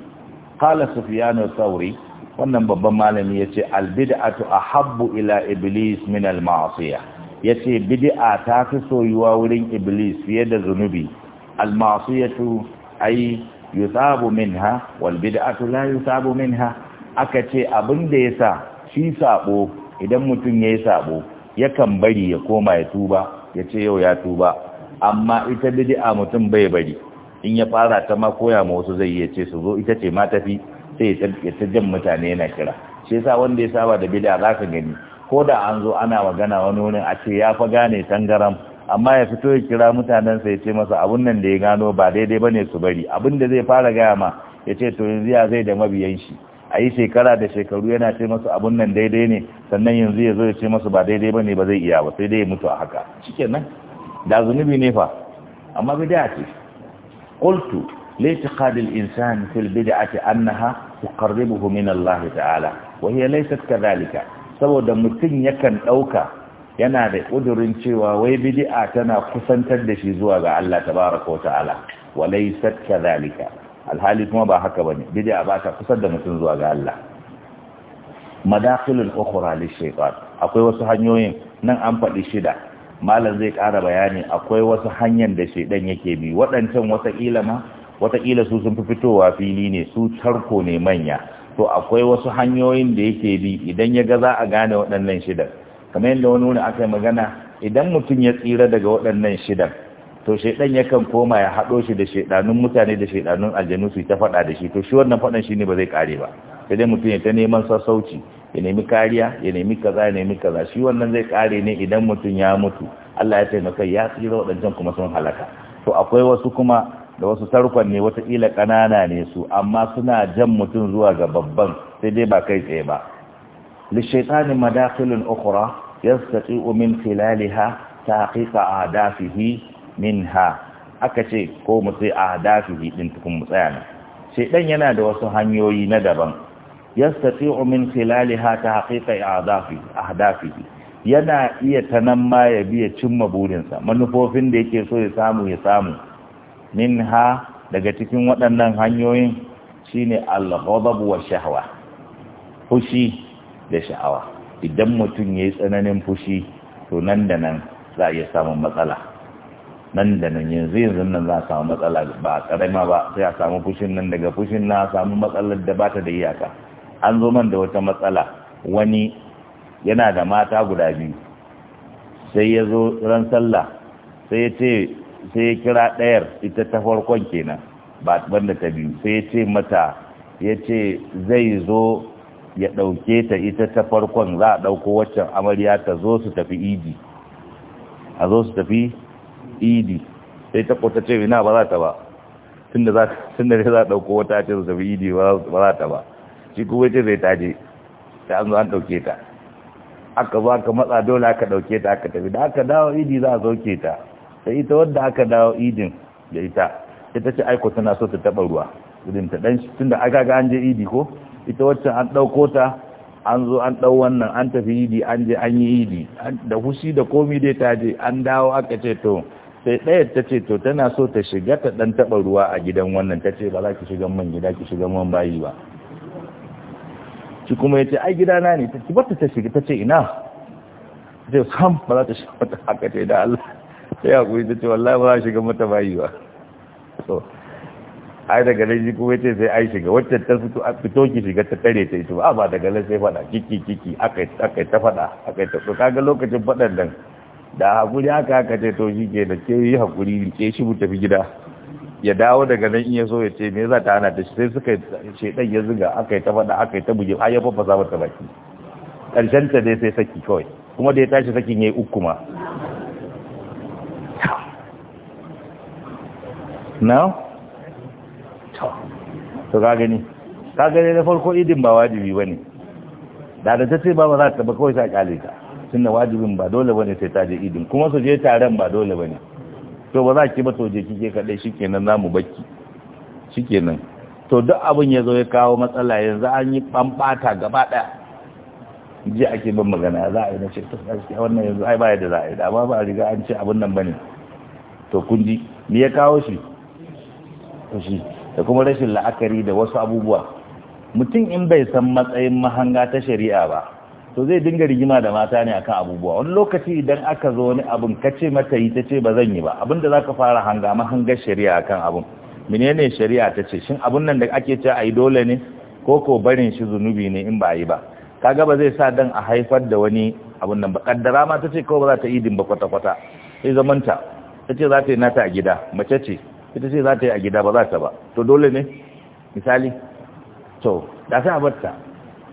qala sufyan al-thawri wannan babban malami yace al-bid'atu ahabbu ila iblis min al-ma'siyah ya ce bidi'a ta fi soyuwa wurin iblis fiye da zunubi almasiyatu ay yusabu minha wal bid'atu la yusabu minha aka ce abin da ya sa shi sabo idan mutum yayi sabo yakan bari ya koma ya tuba ya ce yau ya tuba amma ita bidi'a mutum bai bari in ya fara ta ma koya ma wasu zai iya ce su zo ita ce ma tafi sai ya ta jan mutane yana kira shi yasa wanda ya saba da bid'a zaka gani ko da an zo ana magana wani wurin a ce ya fa gane tangaram amma ya fito ya kira mutanen sai ce masa abun nan da ya gano ba daidai bane su bari abin da zai fara gaya ma ya ce to yanzu ya zai da mabiyan shi a yi shekara da shekaru yana ce masu abun nan daidai ne sannan yanzu ya zo ya ce masu ba daidai bane ba zai iya ba sai dai ya mutu a haka cikin nan da zunubi ne fa amma bid'a ce qultu لاعتقاد الإنسان في البدعة أنها تقربه من الله تعالى وهي ليست كذلك saboda mutum yakan ɗauka yana da ƙudurin cewa wai bid'a tana kusantar da shi zuwa ga Allah tabaraka wata'ala walaysat kadhalika alhali kuma ba haka ba bane bid'a ba ta kusar da mutum zuwa ga Allah madakhilul ukhra shekaru, akwai wasu hanyoyin nan an faɗi shida malam zai ƙara bayani akwai wasu hanyar da shaidan yake bi waɗancan watakila ma wataƙila su sun fi fitowa fili ne su tarko ne manya to akwai wasu hanyoyin da yake bi idan ya ga za a gane waɗannan shidan kamar yadda wani wani aka magana idan mutum ya tsira daga waɗannan shidan to shaidan yakan koma ya haɗo shi da shaidanun mutane da shaidanun aljanu su ta faɗa da shi to shi wannan faɗan shi ne ba zai ƙare ba sai dai mutum ya ta neman sassauci ya nemi kariya ya nemi kaza ya nemi kaza shi wannan zai ƙare ne idan mutum ya mutu Allah ya taimaka ya tsira waɗancan kuma sun halaka to akwai wasu kuma da wasu tarkon ne watakila ƙanana ne su amma suna jan mutum zuwa ga babban sai dai ba kai tsaye ba lishaitani madakhilun ukhra yastati'u min a tahqiqa min minha aka ce ko mu sai ahdafihi din tukun mu tsaya ne shaitan yana da wasu hanyoyi na daban yastati'u min ta haƙiƙa a ahdafihi yana iya ta nan ma ya biya cimma burinsa manufofin da yake so ya samu ya samu ha daga cikin waɗannan hanyoyin shine al-ghadab wa shahwa fushi da sha'awa idan mutum ya yi tsananin fushi to nan da nan za a iya samun matsala nan da nan yanzu yanzu nan za a samu matsala ba karama ba sai a samu fushin nan daga fushin na samu matsalar da bata da iyaka an zo man da wata matsala wani yana da mata guda biyu sai ya zo ran sallah sai ya ce sai ya kira ɗayar ita ta farkon kenan ba banda ta biyu sai ya ce mata ya ce zai zo ya ɗauke ta ita ta farkon za a ɗauko waccan amarya ta zo su tafi idi a zo su tafi idi sai ta kota ce ina ba za ta ba tun da za a ɗauko wata ce su tafi idi ba za ta ba shi kuma ce zai taje ta an zo an ɗauke ta aka zo aka matsa dole aka ɗauke ta aka tafi da aka dawo idi za a sauke ta sai ita wadda aka dawo idin da ita ita ce aiko tana so ta taba ruwa idin ta dan tun da aka ga an je idi ko ita wacce an ɗauko ta an zo an ɗau wannan an tafi idi an je an yi idi da hushi da komi dai ta je an dawo aka ce to sai daya ta ce to tana so ta shiga ta ɗan taɓa ruwa a gidan wannan ta ce ba za ki shiga man gida ki shiga man bayi ba ki kuma ya ce ai na ne ta ce ba ta shiga ta ce ina ta ce sam ba za ta shiga ta haka ce da Allah sai hakuri ta ce wallahi ba za shiga mata bayi ba so ai daga nan kuma ce sai ai shiga wacce ta fito a fito ki shiga ta tare ta ita ba ba daga nan sai fada kiki kiki akai akai ta fada akai ta so kaga lokacin fadan nan da hakuri haka haka ce to shi ke da ke yi hakuri ke shi mu tafi gida ya dawo daga nan in ya so ya ce me za ta hana ta sai suka dan ya zuga akai ta fada akai ta buge ai ya fafasa mata baki karshen ta dai sai saki kawai kuma da ya tashi sakin yayi uku ma na? to ka gani ka gani na farko idin ba wajibi ba ne da da ta ce ba ba za ta ba kawai ta kyale ta tun da wajibin ba dole ba ne sai ta je idin kuma su je taron ba dole ba ne to ba za ki ba soje kike kaɗai shi kenan za mu bakki shi kenan to duk abin ya zo ya kawo matsala yanzu an yi ɓanɓata gaba ɗaya ji ake ban magana za a yi na ce to a wannan yanzu ai baya da za a yi amma ba a riga an ce abin nan bane to kun ji me ya kawo shi to shi da kuma rashin la'akari da wasu abubuwa mutum in bai san matsayin mahanga ta shari'a ba to zai dinga rigima da mata ne akan abubuwa wani lokaci idan aka zo wani abin ce mata yi ta ce ba zan yi ba abin da zaka fara hanga mahangar shari'a akan abin menene shari'a ta ce shin abun nan da ake cewa ayi dole ne ko ko barin shi zunubi ne in ba yi ba kaga ba zai sa dan a haifar da wani abun nan ba kaddara ma tace ko ba za ta din ba kwata kwata sai ta tace za ta yi nata a gida mace ce ita ce za ta yi a gida ba za ta ba to dole ne misali to da sai a barta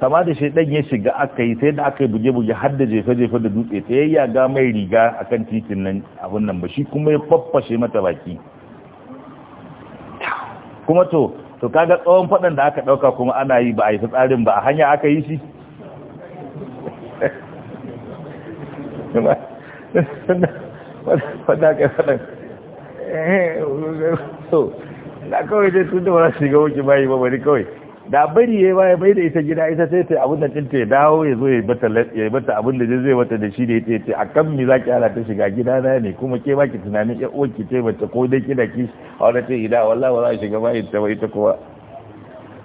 kama da shi dan ya shiga aka yi sai da aka yi buge-buge har da jefe-jefe da dutse ta yayya ga mai riga a kan titin nan abun nan ba shi kuma ya faffashe mata baki kuma to to kaga tsawon faɗan da aka ɗauka kuma ana yi ba a yi tsarin ba a hanya aka yi shi ka faɗin so da kawai dai tun da wani shiga wuce bayi ba bari kawai da bari ya baya bai da ita gida ita sai ta abin da tinta ya dawo ya zo ya bata abin da zai mata da shi da ita ce a kan mi za ki ala ta shiga gida na ne kuma ke ba ki tunanin ya uwa ki ce mace ko dai kina ki a wani ce gida wallah ba za a shiga bayin ta ba ita kowa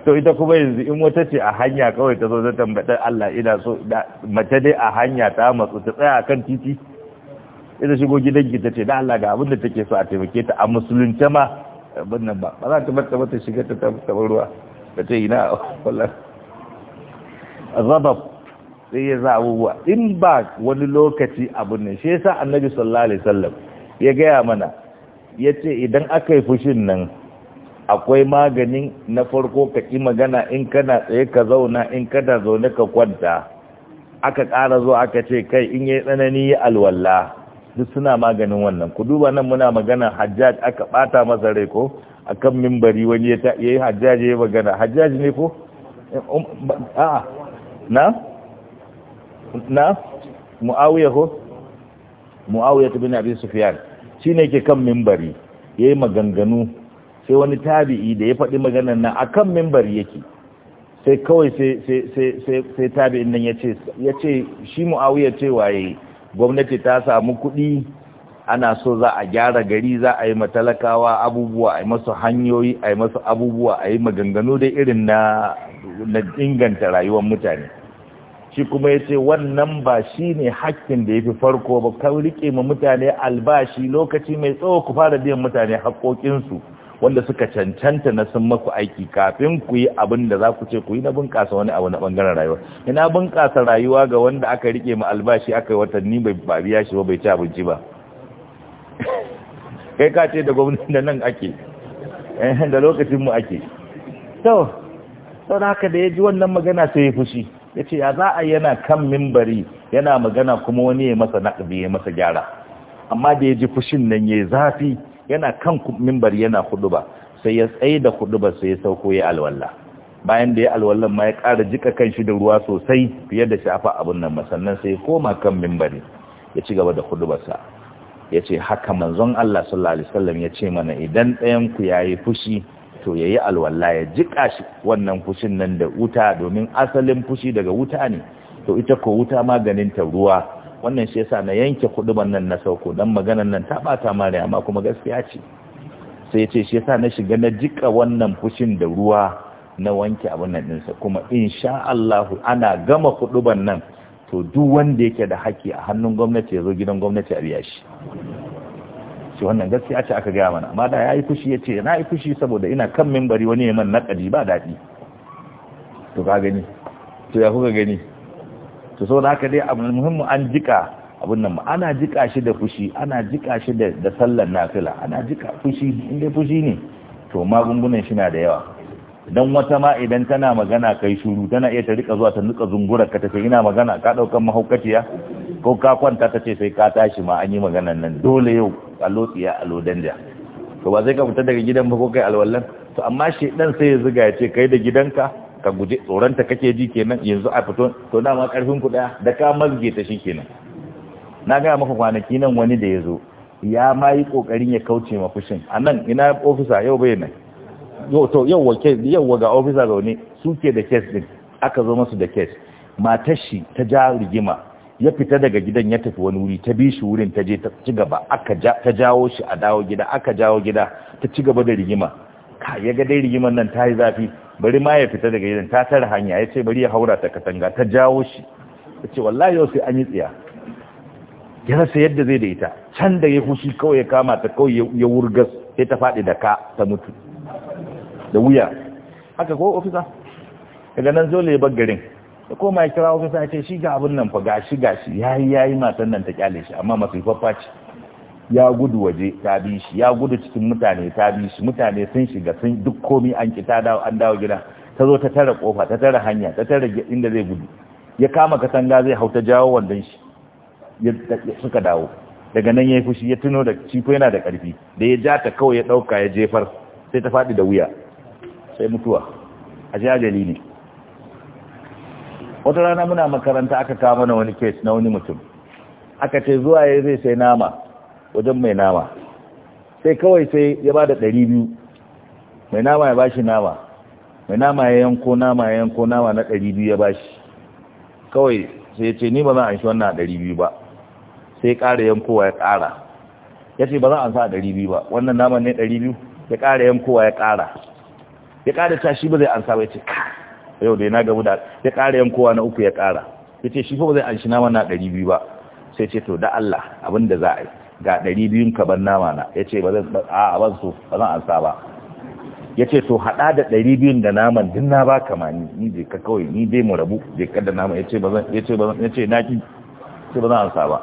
to ita kuma yanzu in wata ce a hanya kawai ta zo ta tambaɗar Allah ina so mace dai a hanya ta matsu ta tsaya kan titi ita shigo gidan ki ta ce da Allah ga abin da take so a taimake ta a musulunce ma abin nan ba ba za ta bar ta mata shiga ta tabar ruwa ta ce ina wallah azabab sai ya za abubuwa in ba wani lokaci abin nan shi yasa annabi sallallahu alaihi wasallam ya gaya mana yace idan aka yi fushin nan akwai maganin na farko ka ƙi magana in kana tsaye ka zauna in kana zaune ka kwanta aka ƙara zo aka ce kai in yi tsanani ya alwalla duk suna maganin wannan ku duba nan muna magana hajjaj aka ɓata masa rai ko akan mimbari wani ya yi hajjaj ya magana hajjaj ne ko um, a'a na na mu'awiya ko mu'awiya ta bin abin sufiyan shi ne ke kan mimbari ya yi maganganu sai wani tabi'i da ya faɗi maganar nan kan mimbar yake sai kawai sai tabi'in nan ya ce shi ya ce waye gwamnati ta samu kuɗi ana so za a gyara gari za a yi matalakawa abubuwa a yi masu hanyoyi a yi masu abubuwa a yi maganganu da irin na inganta rayuwar mutane shi kuma ya ce wannan ba shi ne hakkin da ya fi farko ba kan riƙe ma mutane albashi lokaci mai tsawo ku fara biyan mutane haƙƙoƙinsu. wanda suka cancanta na sun maku aiki kafin ku yi abin da za ku ce ku yi na bunƙasa wani abu na ɓangaren rayuwa ina bunƙasa rayuwa ga wanda aka rike ma albashi aka yi watanni bai ba biya shi ba bai ci abinci ba kai ka ce da gwamnati da nan ake eh, da lokacin mu ake to to da haka da ya ji wannan magana sai ya fushi ya ce ya za a yana kan mimbari yana magana kuma wani ya masa naƙabi ya masa gyara amma da ya ji fushin nan ya zafi yana kan mimbar yana huduba sai ya tsaye da huduba sai ya sauko ya alwallah bayan da ya alwallah ma ya ƙara jika kan shi da ruwa sosai fiye da shafa abun nan masannan sai ya koma kan mimbari ya ci gaba da hudubarsa ya ce haka manzon Allah sallallahu alaihi wasallam ya ce mana idan ɗayan ku yayi fushi to yayi alwallah ya jika shi wannan fushin nan da wuta domin asalin fushi daga wuta ne to ita ko wuta maganin ta ruwa wannan shi yasa na yanke kuɗuban nan na sauko dan maganan nan ta bata mare amma kuma gaskiya ce sai ya ce shi yasa na shiga na jika wannan fushin da ruwa na wanke abin nan ɗinsa kuma insha Allah ana gama kuɗuban nan to duk wanda yake da haƙƙi a hannun gwamnati ya zo gidan gwamnati a biya shi shi wannan gaskiya ce aka gaya mana amma da ya yi fushi ya ce na yi fushi saboda ina kan mimbari wani ya man naƙadi ba daɗi to ka gani to ya kuka gani to saboda haka dai abu muhimmi an jika abun nan ana jika shi da fushi ana jika shi da sallar nafila ana jika fushi in dai fushi ne to magungunan shi na da yawa dan wata ma idan tana magana kai shuru tana iya ta rika zuwa ta nuka zungura ka tafi ina magana ka daukan mahaukaciya ko ka kwanta ta ce sai ka tashi ma an yi maganan nan dole yau allo a allo da. to ba zai ka fita daga gidan ba ko kai alwallan to amma shi dan sai ya zuga ya ce kai da gidanka ka guje tsoronta kake ji kenan yanzu a fito to dama karfin ku daya da ka mazge ta shi kenan na gaya maka kwanaki nan wani da ya zo ya ma yi kokarin ya kauce ma fushin a nan ina ofisa yau bai nan to yau wa yau wa ga ofisa ga suke da kes din aka zo masu da kes matar shi ta ja rigima ya fita daga gidan ya tafi wani wuri ta bi shi wurin ta je ta ci gaba aka ta jawo shi a dawo gida aka jawo gida ta ci gaba da rigima ka ya ga dai rigimar nan ta yi zafi bari ma ya fita daga gidan ta tara hanya ya ce bari ya haura ta katanga ta jawo shi ta ce wallahi yau sai an yi tsiya ya rasa yadda zai da ita can da ya fushi kawai ya kama ta kawai ya wurgas sai ta faɗi da ka ta mutu da wuya haka ko ofisa daga nan zo ya bar garin da koma ya kira ofisa ya ce shi ga abin nan fa gashi gashi yayi yayi matan nan ta kyale shi amma masu masifaffa ce ya gudu waje ta bi shi ya gudu cikin mutane ta bi shi mutane sun shiga sun duk komi an ki dawo an dawo gida ta zo ta tara kofa ta tara hanya ta tara inda zai gudu ya kama katanga zai hauta jawo wandan shi suka dawo daga nan yayi fushi ya tuno da cipo yana da karfi da ya ja ta kawai ya ɗauka ya jefar sai ta faɗi da wuya sai mutuwa a jajali ne wata rana muna makaranta aka kawo mana wani kes na wani mutum aka ce zuwa ya zai sai nama wajen mai nama sai kawai sai ya ba da ɗari biyu mai nama ya ba shi nama mai nama ya yanko nama ya yanko nama na ɗari biyu ya shi kawai sai ya ce ni ba za a shi wannan a ɗari biyu ba sai ƙara yankowa ya ƙara ya ce ba za a sa a ɗari biyu ba wannan nama ne ɗari biyu ya ƙara yankowa ya ƙara ya ƙara ta shi ba zai ansa ba ya ce ka yau da na gabu da ya ƙara yankowa na uku ya ƙara ya ce shi ba zai an shi nama na ɗari biyu ba sai ce to da Allah abin da za a yi ga ɗari biyun kaban nama na ya ce ba zan ba zan ansa ba ya ce to haɗa da ɗari biyun da naman din na ba kama ni ni je ka kawai ni dai mu rabu je kada da nama ya ce ba zan ya ce ba zan ya ce na ki ce ba zan ansa ba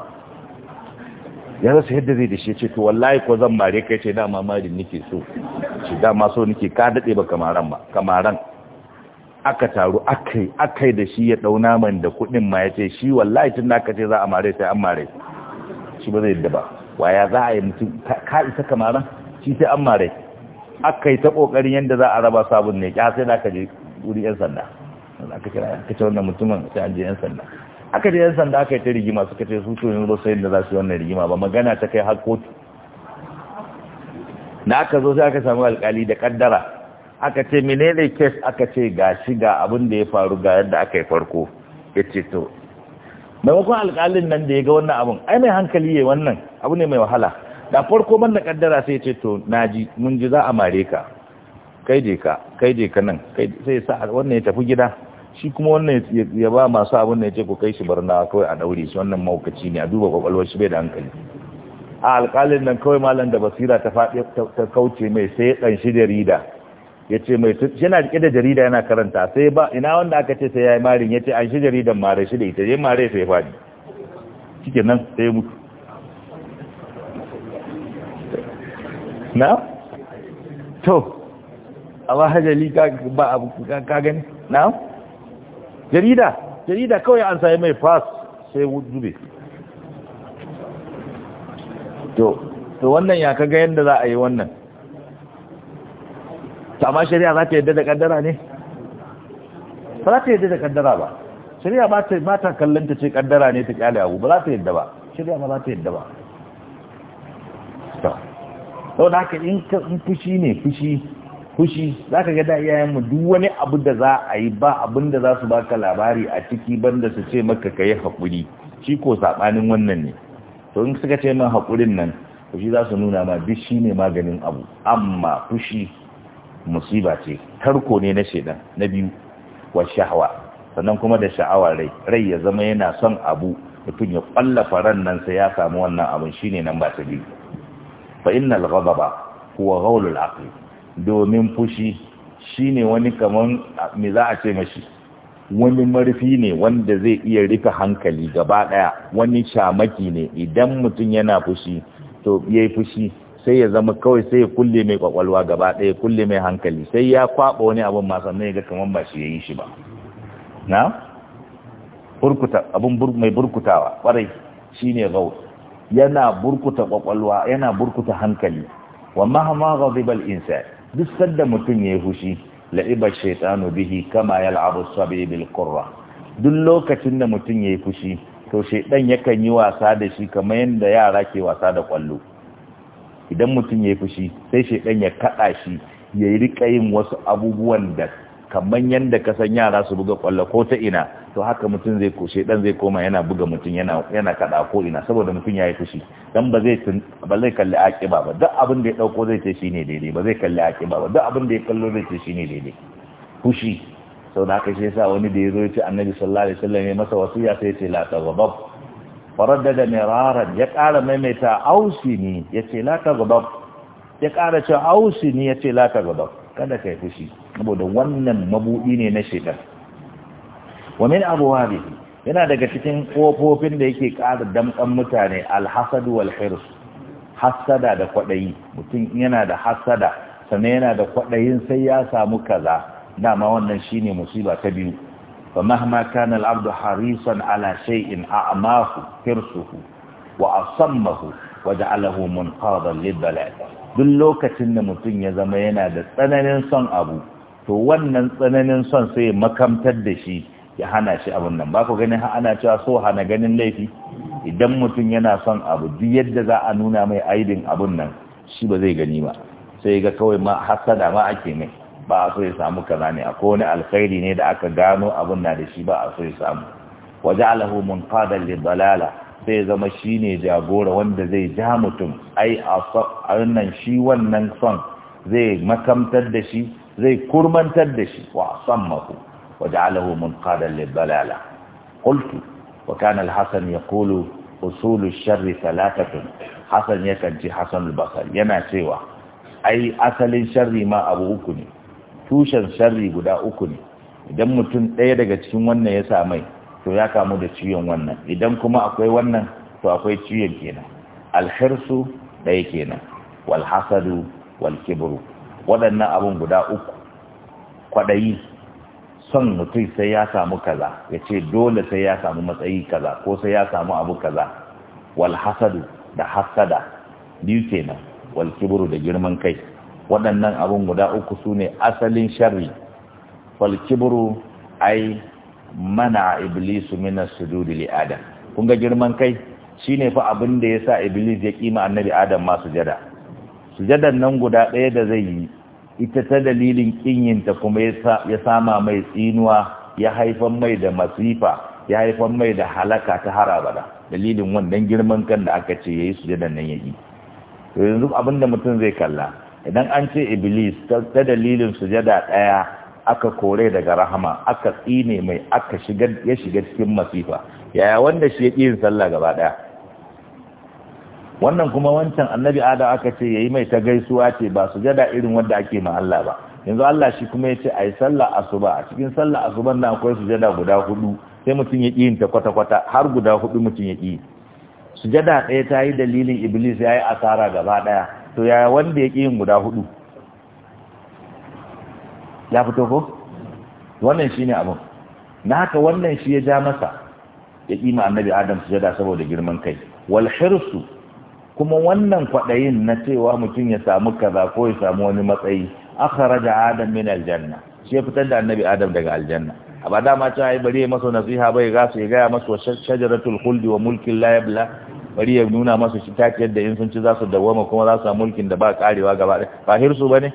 ya rasa yadda zai da shi ya ce to wallahi ko zan mare kai ce dama marin nake so ce dama so nake ka daɗe ba kamaran ba kamaran aka taru akai akai da shi ya dau naman da kuɗin ma ya ce shi wallahi tun da aka ce za a mare sai an mare shi ba zai yadda ba waya za a yi mutum ka isa kamaran shi sai an mare aka yi ta kokarin yadda za a raba sabon ne ya sai da ka je wuri yan sanda aka kira aka kace wannan mutumin sai an je yan sanda aka je yan sanda aka yi ta rigima suka ce su to yanzu sai da za su yi wannan rigima ba magana ta kai har kotu na aka zo sai aka samu alkali da kaddara aka ce menene kes aka ce ga shiga ga abin da ya faru ga yadda aka yi farko ya ce to maimakon alkalin nan da ya ga wannan abin ai mai hankali ya wannan abu ne mai wahala da farko man da kaddara sai ce to naji mun ji za a mare ka kai je ka kai je ka nan sai sa wannan ya tafi gida shi kuma wannan ya ba masu abin da ya ce ku kai shi barna kawai a daure shi wannan maukaci ne a duba kwakwalwar shi bai da hankali a alkalin nan kawai malam da basira ta kauce mai sai ya ɗanshi da rida ya ce mai yana rike da jarida yana karanta sai ba ina wanda aka ce sai ya yi marin ya ce an shi jaridan mare shi da ita ya mare sai faɗi cikin nan sai ya mutu na? to a ba hajjali ba abu ka gani na? jarida jarida kawai an sami mai fas sai dube to to wannan ya kaga yadda za a yi wannan ta amma shari'a za ta yadda da kaddara ne ba za ta yadda da kaddara ba shari'a ba ta kallon ta ce kaddara ne ta kyale abu ba za ta yadda ba shari'a ba za ta yadda ba to saboda haka in fushi ne fushi fushi za ka ga da iyayenmu duk wani abu da za a yi ba abin da za su baka labari a ciki banda su ce maka ka yi haƙuri shi ko saɓanin wannan ne to in suka ce min haƙurin nan fushi za su nuna ma duk shi ne maganin abu amma fushi musiba ce tarko ne na shedan na biyu wa shahwa sannan kuma da sha'awa rai rai ya zama yana son abu mutum ya ƙwallafa ran nan sai ya samu wannan abin shine nan ba ta biyu fa innal ghadaba huwa ghawlul aqli domin fushi shine wani kaman me za a ce mashi wani marfi ne wanda zai iya rika hankali gaba daya wani shamaki ne idan mutum yana fushi to yayi fushi sai ya zama kawai sai ya kulle mai kwakwalwa gaba ɗaya kulle mai hankali sai ya kwaɓa wani abin ma sannan ya ga kamar ba shi ya yi shi ba na burkuta abin mai burkutawa ƙwarai shine gaur yana burkuta kwakwalwa yana burkuta hankali wa mahama ghadibal insan duk sanda mutum ya hushi la'iba shaytanu bihi kama yal'abu sabi bil qurra duk lokacin da mutum ya fushi to shaydan yakan yi wasa da shi kamar yadda yara ke wasa da kwallo idan mutum ya yi fushi sai shaidan ya kaɗa shi ya yi rika yin wasu abubuwan da kamar yadda ka san yara su buga kwallo ko ta ina to haka mutum zai ko shaidan zai koma yana buga mutum yana yana ko ina saboda mutum ya yi fushi dan ba zai kalli akiba ba duk abin da ya dauko zai ce shine daidai ba zai kalli akiba ba duk abin da ya kallo zai ce shine daidai fushi sau da aka shi yasa wani da ya zo ya ce annabi sallallahu alaihi wasallam ya masa wasiya sai ya ce la taghdab da miraran ya ƙara maimaita ausini ya ce la ta ya ƙara ce ausini ya ce la ta kada ka yi fushi saboda wannan mabuɗi ne na shekar wa min abuwabi yana daga cikin ƙofofin da yake ƙara damƙan mutane alhasadu wal hirs hasada da kwaɗayi mutum yana da hasada sannan yana da kwaɗayin sai ya samu kaza dama wannan shine musiba ta biyu فمهما كان العبد حريصا على شيء أعماه حرصه وأصمه وجعله منقاضا للبلاء duk lokacin da mutum ya zama yana da tsananin son abu to wannan tsananin son sai makamtar da shi ya hana shi abin nan ba ku ganin ana cewa so hana ganin laifi idan mutum yana son abu duk yadda za a nuna mai aidin abun nan shi ba zai gani ba sai ga kawai ma hasada ma ake mai ba a so ya samu kaza ne alkhairi ne da aka gano abin na da shi ba a so ya samu waje alahu mun qadal lil sai zama shine jagora wanda zai ja mutum ai wannan shi wannan son zai makamtar da shi zai kurmantar da shi wa sammahu waje alahu mun qadal lil dalala wa kana al-hasan yaqulu usul ash hasan yakan ji hasan yana cewa ai asalin sharri ma abu uku ne tushen sharri guda uku ne idan mutum ɗaya daga cikin wannan ya mai to ya kamu da ciwon wannan idan kuma akwai wannan to akwai ciwon kenan alhirsu ɗaya kenan walhasadu walkibru waɗannan abun guda uku kwaɗayi son mutum sai ya samu kaza ya ce dole sai ya samu matsayi kaza ko sai ya samu abu kaza walhasadu da hasada biyu kenan walkibru da girman kai waɗannan abin guda uku su ne asalin shari, falkibru ai mana iblisu minas sujudi li adam kun ga girman kai shi ne fa abin da ya sa iblis ya kima annabi adam ma sujada sujadar nan guda ɗaya da zai yi ita ta dalilin kinyinta kuma ya sama mai tsinuwa ya haifan mai da masifa ya haifan mai da halaka ta harabada dalilin wannan girman kan da aka ce ya yayi sujadar nan yayi to yanzu abinda mutum zai kalla idan an ce iblis ta dalilin sujada ɗaya aka kore daga rahama aka tsine mai aka shiga ya shiga cikin masifa yaya wanda shi ya yin sallah gaba ɗaya wannan kuma wancan annabi adam aka ce yayi mai ta gaisuwa ce ba sujada irin wanda ake ma Allah ba yanzu Allah shi kuma ya ce a yi sallah asuba a cikin sallah asuban nan akwai sujada guda hudu sai mutum ya ta kwata-kwata har guda hudu mutum ya ƙi sujada ɗaya ta yi dalilin iblis ya yi asara gaba ɗaya to ya wanda ya ƙi yin guda hudu ya fito ko wannan shi ne abin na haka wannan shi ya ja masa ya ƙi ma annabi adam su jada saboda girman kai wal hirsu kuma wannan kwaɗayin na cewa mutum ya samu kaza ko ya samu wani matsayi akhraja adam min aljanna shi ya fitar da annabi adam daga aljanna a ba dama cewa ai bari ya maso nasiha bai su ya gaya maso shajaratul khuldi wa mulkin la bari ya nuna masu shi ta yadda in sun ci za su dawoma kuma za su samu mulkin da ba karewa gaba ɗaya ba hirsu ba ne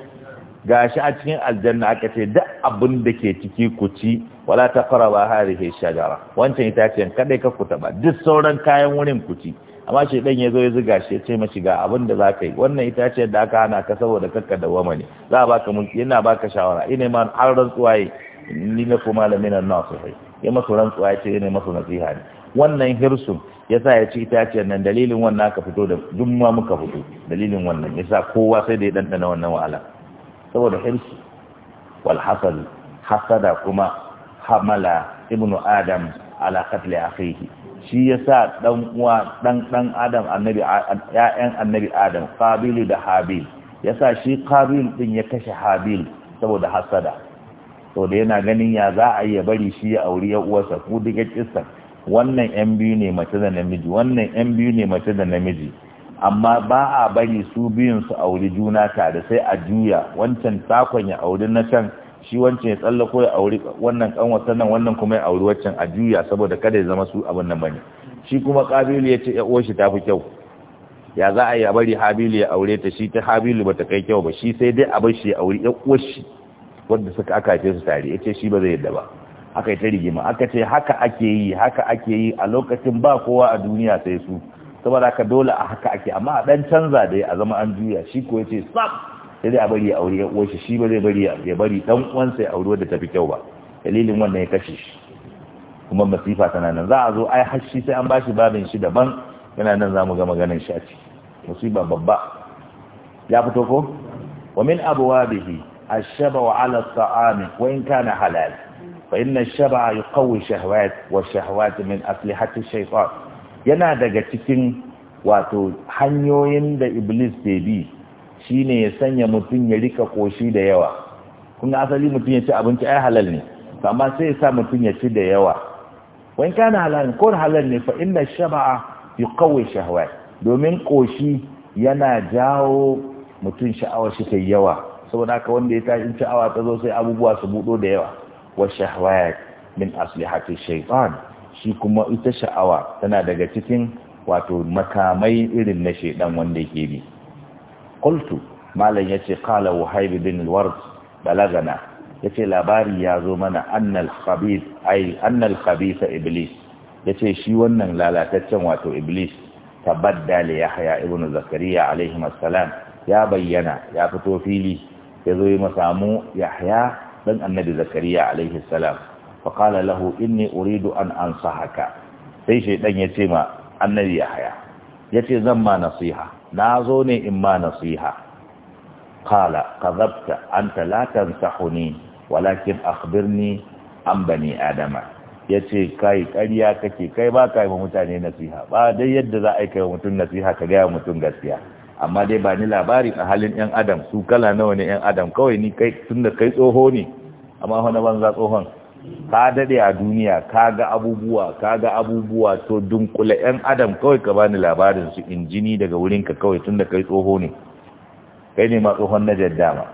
ga shi a cikin aljanna aka ce duk abin da ke ciki ku ci wala ta fara ba harihe shajara wancan ce kadai ka ku ba duk sauran kayan wurin ku ci amma shi dan ya zo ya zuga shi ya ce mashi ga abin da za ka yi wannan ce da aka hana ka saboda kakka dawama ne za a baka mulki yana baka shawara ina ma har rantsuwa yi ni na kuma malamin nan nasihai ya masu rantsuwa ya ce masu nasiha ne wannan hirsun yasa ya ci ce nan dalilin wannan aka fito da dumma muka fito dalilin wannan yasa kowa sai da ya dandana wannan wa'ala. saboda hirsi wal hasada kuma hamala ibnu adam ala qatl akhihi shi yasa dan uwa dan dan adam annabi ya'yan annabi adam kabilu da habil yasa shi qabil ɗin ya kashe habil saboda hasada saboda yana ganin ya za a yi ya bari shi ya auri ya uwarsa ko duk ya kissa wannan yan biyu ne mace da namiji wannan yan biyu ne mace da namiji amma ba a bari su biyun su auri juna tare sai a juya wancan takon ya auri na can shi wancan ya tsallako ya auri wannan kanwatanan nan wannan kuma ya auri waccan a juya saboda kada ya zama su abin nan bane shi kuma kabilu ya ce ya uwar shi fi kyau ya za a yi a bari habilu ya aure ta shi ta habilu bata kai kyau ba shi sai dai a bar shi ya auri ya uwar shi wanda suka aka ce su tare yace shi ba zai yadda ba aka yi ta rigima aka ce haka ake yi haka ake yi a lokacin ba kowa a duniya sai su saboda haka dole a haka ake amma a dan canza dai a zama an juya shi ko yace sab sai dai a bari ya aure uwarsa shi ba zai bari ya bari dan uwansa ya aure da tafi kyau ba dalilin wannan ya kashe shi kuma masifa tana nan za a zo ai har shi sai an bashi babin shi daban yana nan zamu ga maganar shi a ciki musiba babba ya fito ko wa min abwabihi ash-shaba ala at wa in kana halal فإن الشبع يقوي شهوات والشهوات من أسلحة الشيطان yana daga cikin wato hanyoyin da iblis ke bi shine ya sanya mutum ya rika ƙoshi da yawa kun asali mutum ya ci abinci ai halal ne amma sai ya sa mutum ya ci da yawa wani kana halal ko halal ne fa inna shaba'a yuqawwi shahawat domin ƙoshi yana jawo mutum sha'awa shi kai yawa saboda haka wanda ya tashi sha'awa ta zo sai abubuwa su buɗo da yawa wa shahwat min aslihati shaitan shi kuma ita sha'awa tana daga cikin wato makamai irin na shaidan wanda yake bi qultu malam yace qala wahib bin al-ward balagana yace labari ya zo mana annal khabith ay annal khabitha iblis yace shi wannan lalataccen wato iblis tabadda li yahya Ibnu zakariya alaihi assalam ya bayyana ya fito fili ya yazo ya samu yahya dan annabi zakariya alaihi salam fa qala lahu inni uridu an ansahaka sai shaydan ya ce ma annabi Yahaya. yace zan ma nasiha na zo ne in ma nasiha qala kadhabta anta la tansahuni walakin akhbirni an bani adama Yace kai karya kake kai ba ka yi mutane nasiha ba dai yadda za a yi kai mutum nasiha ka gaya mutum gaskiya amma dai ba ni labari a halin yan adam su kala nawa ne yan adam kawai ni kai tunda kai tsoho ne amma wani banza tsohon ka dade a duniya ka ga abubuwa ka ga abubuwa to dunkula yan adam kawai ka bani labarin su injini daga wurin ka kawai tunda kai tsoho ne kai ne ma tsohon na jadda ma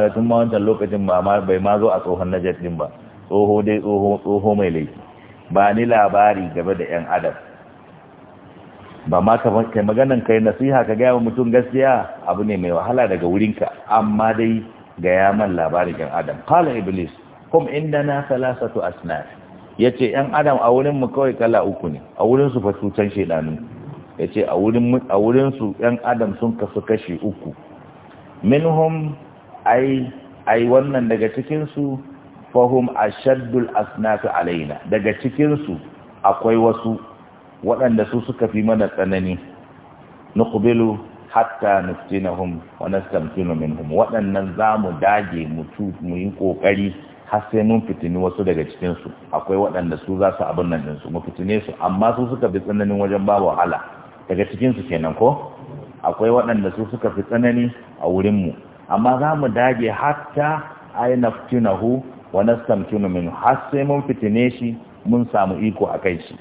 da tun ma wancan lokacin ba ma bai ma zo a tsohon na jaddin ba tsoho dai tsoho tsoho mai laifi ba ni labari game da yan adam ba ma ka kai maganan kai nasiha ka gaya wa mutum gaskiya abu ne mai wahala daga wurinka amma dai gaya man labarin yan adam qala iblis kum na thalathatu asnaf yace yan adam a wurin mu kawai kala uku ne a wurin su fa shedanu yace a wurin a wurin su yan adam sun kasu kashi uku minhum ai ai wannan daga cikin su fahum ashaddul asnaf alaina daga cikin su akwai wasu waɗanda su suka fi mana tsanani na nuqbilu hatta wani wa min hun. waɗannan za mu dage mu yi ƙoƙari har sai mun fitini wasu daga cikinsu akwai waɗanda su za su abin nan ɗinsu mu fitine su amma su suka fi tsananin wajen babu wahala daga cikinsu kenan ko akwai waɗanda su suka fi tsanani a wurinmu amma za mu dage hatta ai naftinahu wa nastamtinu minhu har sai mun fitine shi mun samu iko a kai shi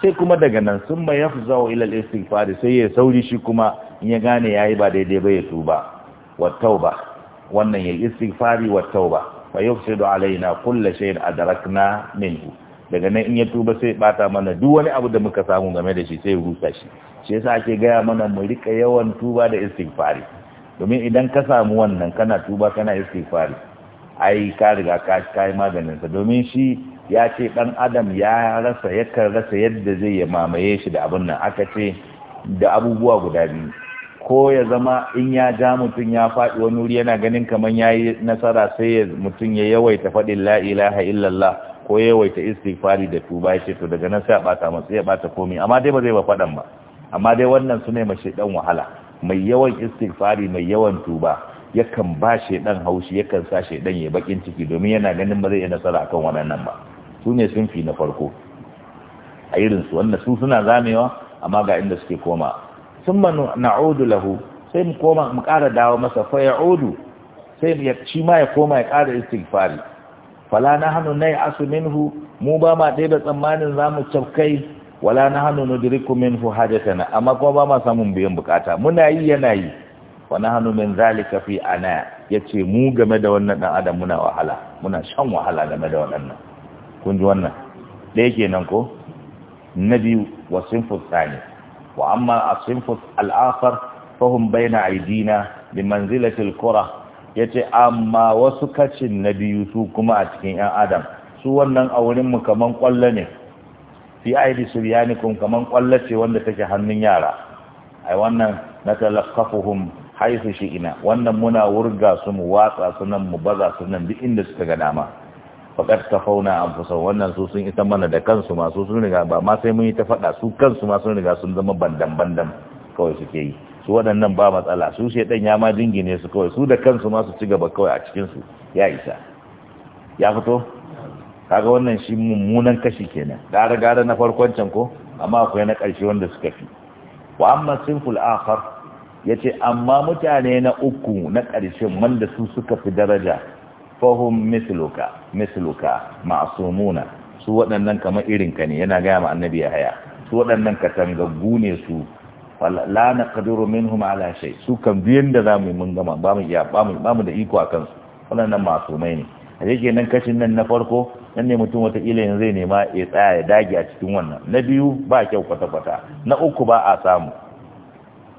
sai kuma daga nan sun mai yafzawo ilal istighfar sai ya sauri shi kuma in ya gane yayi ba daidai ba ya tuba wa tauba wannan ya istighfari wa tauba fa yufsidu alaina kulla shay'in adrakna minhu daga nan in ya tuba sai bata mana duk wani abu da muka samu game da shi sai ya rusa shi shi yasa ake gaya mana mu rika yawan tuba da istighfari domin idan ka samu wannan kana tuba kana istighfari ai ka riga ka kai maganin sa domin shi ya ce ɗan adam ya rasa yakan rasa yadda zai ya mamaye shi da abin nan aka ce da abubuwa guda biyu ko ya zama in ya ja mutum ya faɗi wani wuri yana ganin kamar ya yi nasara sai mutum ya yawaita faɗin la ilaha illallah ko ya yawaita istighfari da tuba ya ce to daga nan sai ya ɓata masu ya ɓata komai amma dai ba zai ba faɗan ba amma dai wannan su ne mashi ɗan wahala mai yawan istighfari mai yawan tuba yakan ba shaidan haushi yakan sa shaidan ya bakin ciki domin yana ganin ba zai yi nasara akan waɗannan ba su ne fi na farko a irinsu wanda su suna zamewa amma ga inda suke koma sun na'udu lahu sai mu koma mu ƙara dawo masa fa ya sai ya shi ma ya koma ya ƙara istighfari fala na na hannu yi asu minhu mu ba ma ɗaya da tsammanin zamu cafkai wala na hannu nahnu nudriku minhu na amma kuma ba ma samun biyan bukata muna yi yana yi wa hannu min zalika fi ana yace mu game da wannan dan adam muna wahala muna shan wahala game da waɗannan. kun ji wannan ɗaya kenan ko na biyu wa sinfus tsani wa amma a sinfus al'afar fahim bai na aidina da manzilatil kura ya ce amma wasu kacin na biyu su kuma a cikin 'yan adam su wannan a wurinmu kaman kwallo ne fi aidi suryanikum kaman kwallo ce wanda take hannun yara ai wannan na talakafuhun haifushi ina. wannan muna wurga su mu watsa su nan mu baza su nan duk inda suka ga dama faɗar ta fauna a fusa wannan su sun isa mana da kansu masu sun riga ba ma sai mun yi ta faɗa su kansu masu sun riga sun zama bandan-bandan kawai suke yi su waɗannan ba matsala su ɗan ya ma jingine su kawai su da kansu masu ci gaba kawai a cikinsu ya isa ya fito kaga wannan shi mummunan kashi kenan gara-gara na farkon can ko amma akwai na ƙarshe wanda suka fi wa amma sinful ya ce amma mutane na uku na ƙarshen wanda su suka fi daraja fahum misluka misluka ma'sumuna su waɗannan kamar irinka ne yana gaya ma annabi ya haya su waɗannan ka tangaggu ne su la naqdiru minhum ala shay su kan biyan da zamu mun gama ba mu iya ba mu ba mu da iko akan su waɗannan masumai ne a yake nan kashin nan na farko nan ne mutum wata kila yanzu zai nema ya tsaya ya dage a cikin wannan na biyu ba kyau kwata kwata na uku ba a samu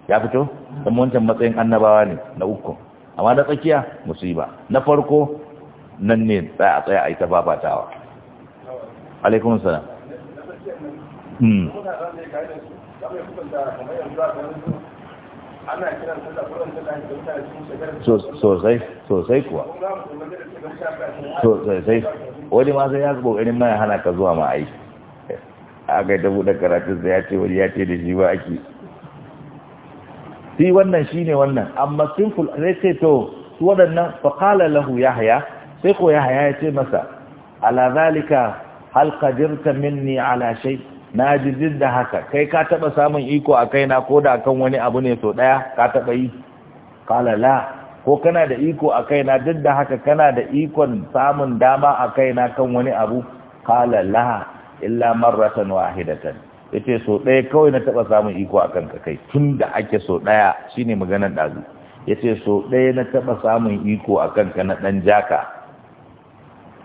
ya fito dan wancan matsayin annabawa ne na uku amma na tsakiya musiba na farko nan ne tsaya tsaya a yi ta babatawa alaikun sana hmm. sosai sosai kuwa sosai wani ma sai ya zuba ƙarin mai hana ka zuwa ma aiki aka yi ta buɗe karatun sai ya ce wani ya ce da shi ba ake shi wannan shi ne wannan amma simple zai ce to su waɗannan faƙala lahu ya haya sai ko yahaya ya ce masa ala zalika hal qadirta minni ala shay na jidid da haka kai ka taba samun iko a kaina ko da kan wani abu ne so daya ka taba yi kala la ko kana da iko a kaina duk da haka kana da ikon samun dama a kaina kan wani abu kala la illa marratan wahidatan yace so daya kawai na taba samun iko a kanka kai tunda ake so daya shine maganar dazu yace so daya na taba samun iko a kanka na dan jaka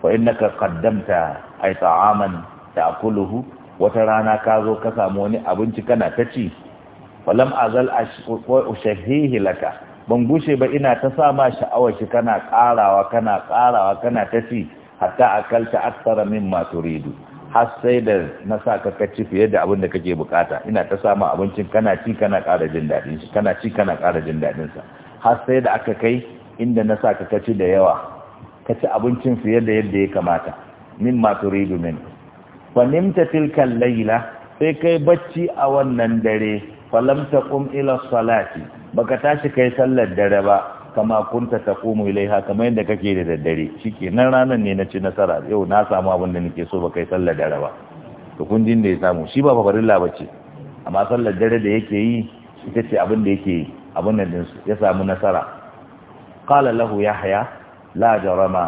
fa innaka qaddamta da ta'aman ta'kuluhu wata rana ka zo ka samu wani abinci kana ta ci walam azal ushahihi laka ban gushe ba ina ta sa ma sha'awar kana karawa kana karawa kana ta ci hatta akalta aktsara mimma turidu har sai da na sa ka kaci fiye da abin da kake bukata ina ta samu abincin kana ci kana kara jin dadin shi kana ci kana jin sa har sai da aka kai inda na sa ka kaci da yawa ka ci abincin fiye da yadda ya kamata min ma turidu min fa nimta sai kai bacci a wannan dare falamta taqum ila salati baka tashi kai sallar dare ba kama kunta taqumu ilaiha kamar yadda kake da daddare shikenan ranan ne na ci nasara yau na samu abin da nake so ba kai sallar dare ba to kun da ya samu shi ba ba bace amma sallar dare da yake yi ita ce abin da yake abin nan ya samu nasara qala lahu yahya la جرما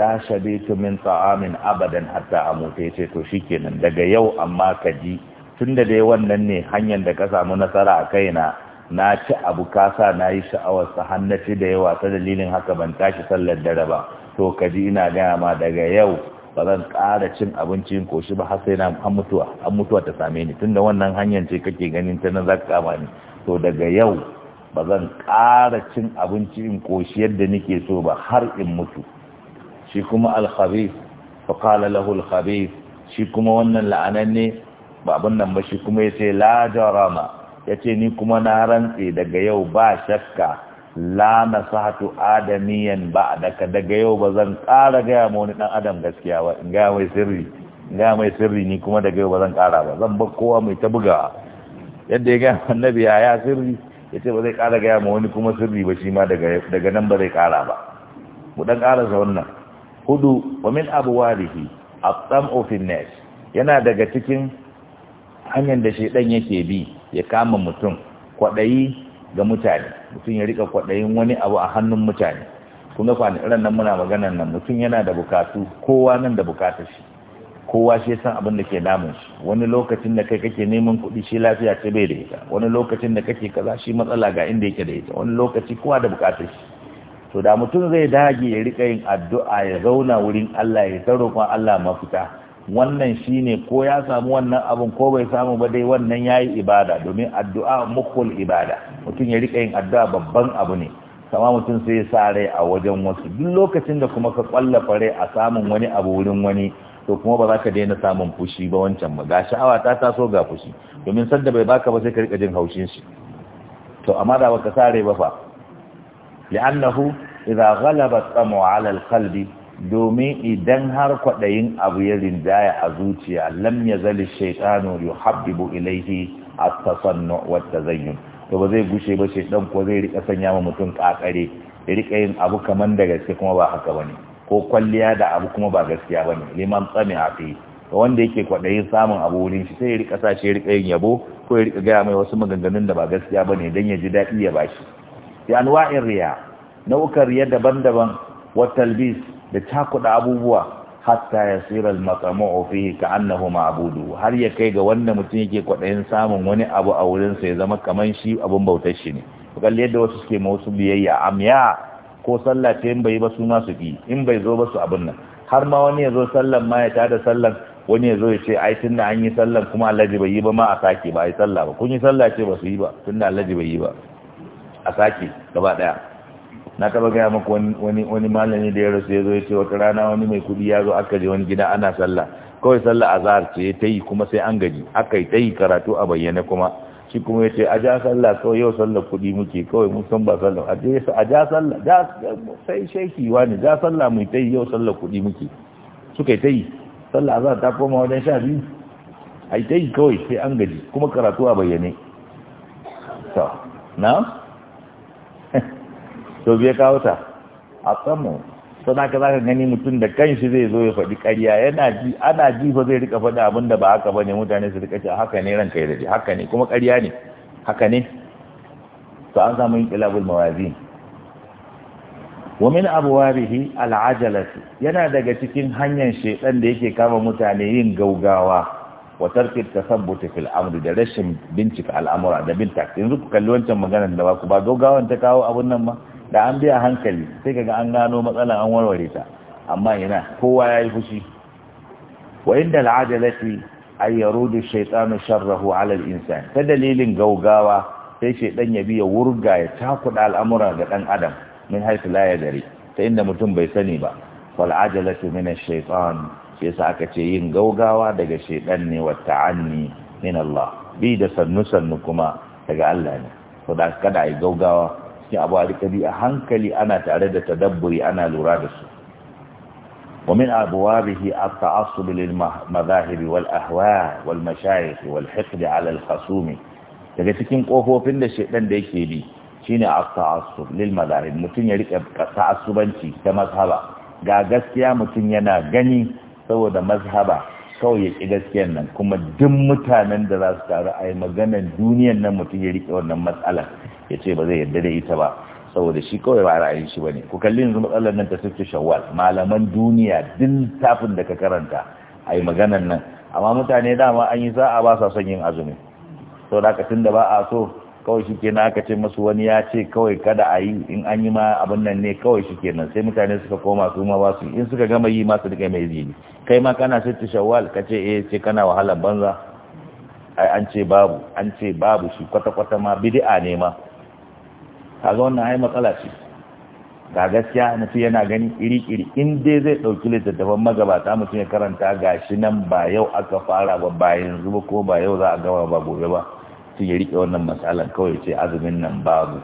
لا شبيت min طعام abadan hatta اموت yace to shikenan daga yau amma ka ji tunda dai wannan ne hanyar da ka samu nasara a kaina na ci abu kasa na yi sha'awar sa hannaci da yawa ta dalilin haka ban tashi sallar dare ba to ka ji ina gaya ma daga yau ba zan ƙara cin abinci abincin koshi ba har sai na an mutuwa an mutuwa ta same ni tunda wannan hanyar ce kake ganin ta na za ka ni to daga yau ba zan ƙara cin abinci in koshi yadda nake so ba har in mutu shi kuma alkhabis fa qala lahu shi kuma wannan la'ananne ba abin nan ba shi kuma yace la jarama yace ni kuma na rantse daga yau ba shakka la nasahatu adamiyan ba daga daga yau ba zan ƙara gaya ma wani dan adam gaskiya ba in gaya mai sirri in gaya mai sirri ni kuma daga yau ba zan ƙara ba zan bar kowa mai ta buga yadda ya gaya annabi ya sirri ya ce ba zai kara gaya ma wani kuma sirri ba shi ma daga nan ba zai kara ba mu kara karasa wannan hudu wa min walihi a tsam ofinnes yana daga cikin hanyar da shaidan yake bi ya kama mutum kwaɗayi ga mutane mutum ya rika kwaɗayin wani abu a hannun mutane kuma ga kwanan nan muna maganan nan mutum yana da bukatu kowa nan da bukatar shi kowa shi san abin da ke damun shi wani lokacin da kai kake neman kuɗi shi lafiya ce bai da ita wani lokacin da kake kaza shi matsala ga inda yake da ita wani lokaci kowa da bukatar shi to da mutum zai dage ya rika yin addu'a ya zauna wurin Allah ya ta roƙon Allah mafita wannan shine ko ya samu wannan abin ko bai samu ba dai wannan yayi ibada domin addu'a mukul ibada mutum ya rika yin addu'a babban abu ne sama mutum sai ya sa rai a wajen wasu duk lokacin da kuma ka kwallafa rai a samun wani abu wurin wani to kuma ba za ka daina samun fushi ba wancan ba ga sha'awa ta taso ga fushi domin sanda bai baka ba sai ka rika jin haushin shi to amma da baka sare ba fa li'annahu idza ghalaba tamu 'ala al-qalbi domin idan har kwaɗayin abu ya rinjaya a zuciya lam ya zali shaytanu yuhabbibu ilayhi ilaihi tasannu wa at-tazayyun to ba zai gushe ba shaitan ko zai rika sanya ma mutum kakare ya rika yin abu kaman da gaske kuma ba haka bane ko kwalliya da abu kuma ba gaskiya bane liman tsami fi wanda yake kwaɗayin samun abu wurin shi sai ya rika sace ya rika yin yabo ko ya rika gaya mai wasu maganganun da ba gaskiya bane dan ya ji daɗi ya bashi ya anwa'in riya nau'ukan riya daban-daban wa talbis da cakuɗa abubuwa hatta ya tsira matsamu'u fihi ka ma'budu har ya kai ga wanda mutum yake kwaɗayin samun wani abu a wurinsa ya zama kamar shi abun bautar shi ne kalli yadda wasu suke ma wasu biyayya amya ko sallah ce in bai ba su ma su bi in bai zo ba su abin nan har ma wani ya zo sallan ma ya tada sallan wani ya zo ya ce ai tunda an yi sallan kuma alhaji bai yi ba ma a sake ba ai sallah ba kun yi sallah ce ba su yi ba tunda alhaji bai yi ba a sake gaba daya na taba gaya maka wani wani malami da ya rasu ya zo ya ce wata rana wani mai kuɗi ya zo aka je wani gida ana sallah kawai sallah azhar ce ta yi kuma sai an gaji aka yi ta karatu a bayyane kuma shi kuma ya ce a ja sallah kawai yau sallah kudi muke kawai mun san ba sallah a je a ja sallah sai sai sheki wani ja sallah mu ta yi yau sallah kudi muke suka yi ta yi sallah za ta koma wajen sha biyu a yi ta yi kawai sai an gaji kuma karatu a bayyane to na to biya kawo ta a samu sau haka za ka gani mutum da kanshi zai zo ya faɗi ƙarya yana ji ana ji fa zai rika faɗi abin da ba haka ba ne mutane su rika ce haka ne ranka ya daɗe haka ne kuma ƙarya ne haka ne to an samu inqilabul mawazin wa min abwabihi yana daga cikin hanyar shedan da yake kama mutane yin gaugawa wa tarki tasabbut fil amr da rashin bincika al'amura da bin tak yanzu ku kalli wancan maganar da ba ku ba gaugawan ta kawo abun nan ma da an biya hankali sai kaga an gano matsala an warware ta amma ina kowa yayi fushi wa inda al'ajalati ay yarudu shaitanu sharrahu 'ala insan ta dalilin gaugawa sai shaidan ya biya wurga ya takuɗa al'amura ga ɗan adam min haythu la gari, ta inda mutum bai sani ba wal ajalatu min ash-shaytan sai sa aka ce yin gaugawa daga shaidan ne wa ta'anni min Allah bi da sannu sannu kuma daga Allah ne da kada ai gaugawa cikin abu alƙari a hankali ana tare da tadabburi ana lura da su ومن أبوابه التعصب للمذاهب والأهواء والمشايخ والحقد على الخصوم daga cikin kofofin da shedan da yake bi shine at-ta'assub lil madahib mutun ya rike ta'assubanci ta Mashaba. ga gaskiya mutum yana gani saboda Mashaba kawai ya ki gaskiyar nan kuma duk mutanen da za su taru a yi maganar duniyar nan mutun ya rike wannan matsalar ya ce ba zai yarda da ita ba saboda shi kawai ba ra'ayin shi ba ne ku kalli yanzu matsalar nan ta sifti shawwal malaman duniya din tafin da ka karanta ai maganar nan amma mutane dama an yi sa'a ba sa son yin azumi sau da tun da ba a so kawai shi na aka ce masu wani ya ce kawai kada a yi in an yi ma abin nan ne kawai shi ke nan sai mutane suka koma su ma ba su in suka gama yi masu su mai zini kai ma kana sifti shawwal ka ce eh ce kana wahalar banza ai an ce babu an ce babu shi kwata-kwata ma bid'a ne ma kaga wannan ai matsala ce ga gaskiya mutum yana gani iri-iri in dai zai ɗauki littattafan magabata mutum ya karanta gashi nan ba yau aka fara ba ba yanzu ba ko ba yau za a gama ba gobe ba su ya riƙe wannan matsalar kawai ce azumin nan babu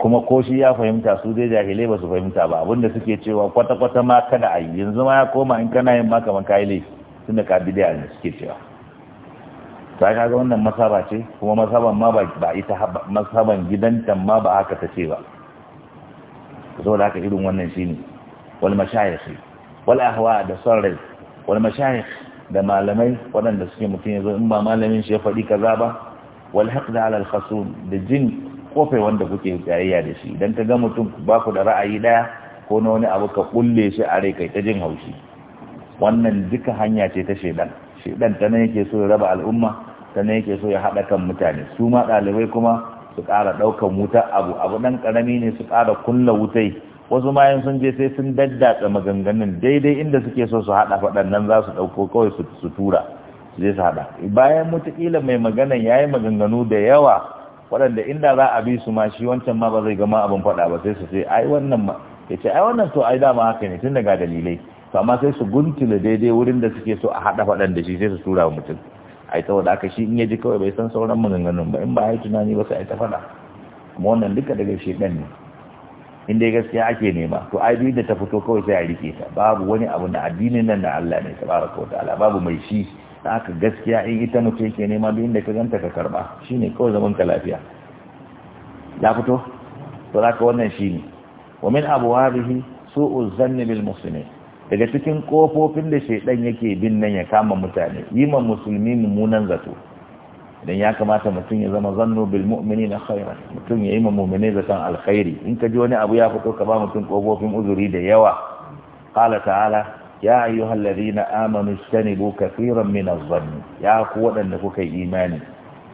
kuma ko shi ya fahimta su zai jahilai ba su fahimta ba abinda suke cewa kwata-kwata ma kada a yi yanzu ma ya koma in kana yin ma kamar kayi laifi tunda ka da yanzu suke cewa sai ga wannan masaba ce kuma masaban ma ba ita masaban gidanta ma ba haka ta ce ba da haka irin wannan shine wal mashayikh wal ahwa da sarri wal mashayikh da malamai waɗanda suke mutum zo in ba malamin shi ya faɗi kaza ba wal haqd ala al khasum da jin kofe wanda kuke tsayayya da shi idan ka ga mutum ba ku da ra'ayi daya ko na wani abu ka kulle shi a rai kai ta jin haushi wannan duka hanya ce ta shedan shedan ta ne yake so ya raba al'umma sannan yake so ya haɗa kan mutane su ma ɗalibai kuma su ƙara ɗaukan wuta abu abu ɗan ƙarami ne su ƙara kulla wutai wasu mayan sun je sai sun daddatsa maganganun daidai inda suke so su haɗa faɗan nan za su ɗauko kawai su tura su je su haɗa bayan mutakila mai maganan ya yi maganganu da yawa waɗanda inda za a bi su ma shi wancan ma ba zai gama abin faɗa ba sai su ce ai wannan ma ya ce ai wannan to ai dama haka ne tun daga dalilai to amma sai su guntula daidai wurin da suke so a haɗa faɗan da shi sai su tura wa mutum ai saboda haka shi in ya ji kawai bai san sauran maganganun ba in ba ya tunani ba sai ai ta faɗa kuma wannan duka daga shi dan ne in dai gaskiya ake nema to ai duk da ta fito kawai sai a rike ta babu wani abu na addinin nan da Allah ne ta baraka wa ta'ala babu mai shi haka gaskiya in ita mutum yake nema duk inda ka ganta ka karba shine kawai zaman ka lafiya ya fito to ka wannan shine wa min abwabihi su'u zanni bil muslimin daga cikin kofofin da shaidan yake bin nan ya kama mutane yi ma musulmi mummunan zato idan ya kamata mutum ya zama zannu bil mu'mini na khairan mutum ya yi ma mu'mini zaton alkhairi in ka ji wani abu ya fito ka ba mutum kofofin uzuri da yawa qala ta'ala ya ayyuhal ladina amanu istanibu kathiran min adh-dhanni ya ku waɗanda kuka yi imani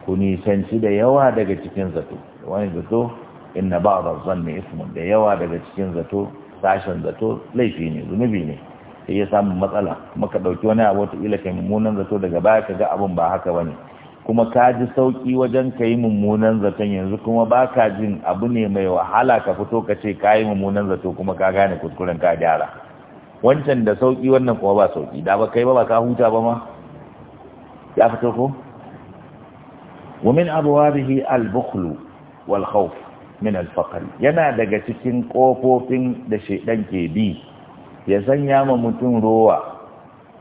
ku nisanci da yawa daga cikin zato wani zato inna ba'd adh-dhanni ismun da yawa daga cikin zato sashen zato laifi ne zunubi ne ka ya samun matsala kuma ka ɗauki wani abu ila kai mummunan zato daga baya ka ga abin ba haka bane kuma ka ji sauki wajen ka yi mummunan zaton yanzu kuma ba ka jin abu ne mai wahala ka fito ka ce ka yi mummunan zato kuma ka gane kuskuren ka gyara wancan da sauki wannan kuma ba sauki da ba kai ba ba ka huta ba ma ya fito ko ومن أبوابه البخل والخوف من الفقر yana daga cikin kofofin da shedan ke bi ya sanya ma mutum rowa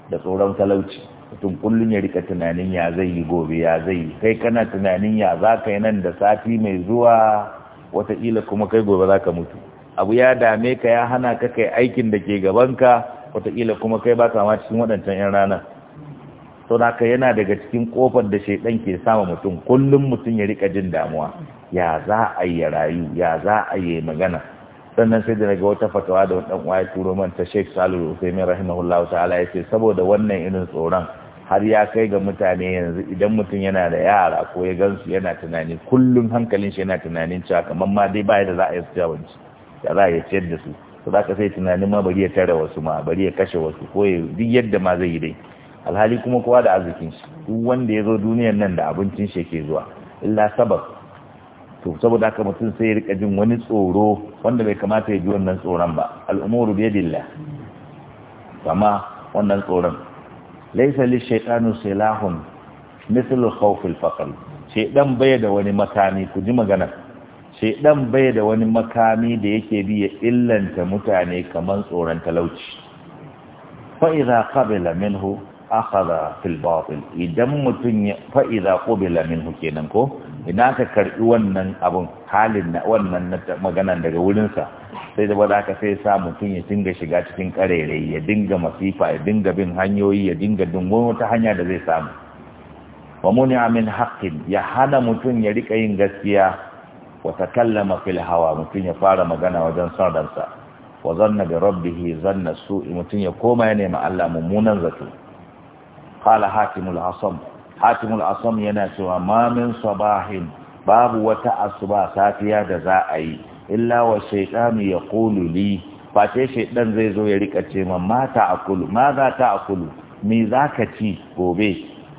da tsoron talauci mutum kullum ya rika tunanin ya zai yi gobe ya zai yi kai kana tunanin ya za ka yi nan da sati mai zuwa wataƙila kuma kai gobe za ka mutu abu ya dame ka ya hana ka kai aikin da ke gabanka wataƙila kuma kai ba ma cikin waɗancan 'yan rana to ka yana daga cikin ƙofar da shaidan ke sama mutum kullum mutum ya rika jin damuwa ya za a yi rayu ya za a yi magana sannan sai daga wata fatawa da wadda uwa ya turo man ta Sheikh Salihu Usaimin rahimahullahu ta'ala ce saboda wannan irin tsoron har ya kai ga mutane yanzu idan mutum yana da yara ko ya gansu yana tunani kullum hankalin shi yana tunanin cewa kamar ma dai baya da za a yi jawanci da za a yi ciyar da su to za ka sai tunanin ma bari ya tare wasu ma bari ya kashe wasu ko ya duk yadda ma zai yi dai alhali kuma kowa da arzikin shi duk wanda ya zo duniyar nan da abincin shi yake zuwa illa sabab to saboda haka mutum sai ya rika jin wani tsoro wanda bai kamata ya ji wannan tsoron ba al'umuru yadillah kama wannan tsoron laysa li shaytanu silahun mithl khawf al faqr shaydan bai da wani makami ku ji magana shaydan bai da wani makami da yake bi illanta mutane kaman tsoron talauci fa idza qabila minhu akhadha fil batil idan mutun fa idza qubila minhu kenan ko ina ka karbi wannan abun halin na wannan maganan daga wurin sa sai da wanda ka sai sa mutun ya dinga shiga cikin karere ya dinga masifa ya dinga bin hanyoyi ya dinga dungon wata hanya da zai samu wa muni'a min haqqin ya hana mutun ya rika yin gaskiya wa takallama fil hawa mutun ya fara magana wajen sadarsa wa zanna bi rabbihi zanna su'i mutun ya koma ya nema Allah mummunan zato qala hatimul asam hatimul asam yana cewa ma min sabahin babu wata asuba safiya da za a yi illa wa shaytanu yaqulu li face shaydan zai zo ya rika ce ma mata akulu ma za ta akulu me za ka ci gobe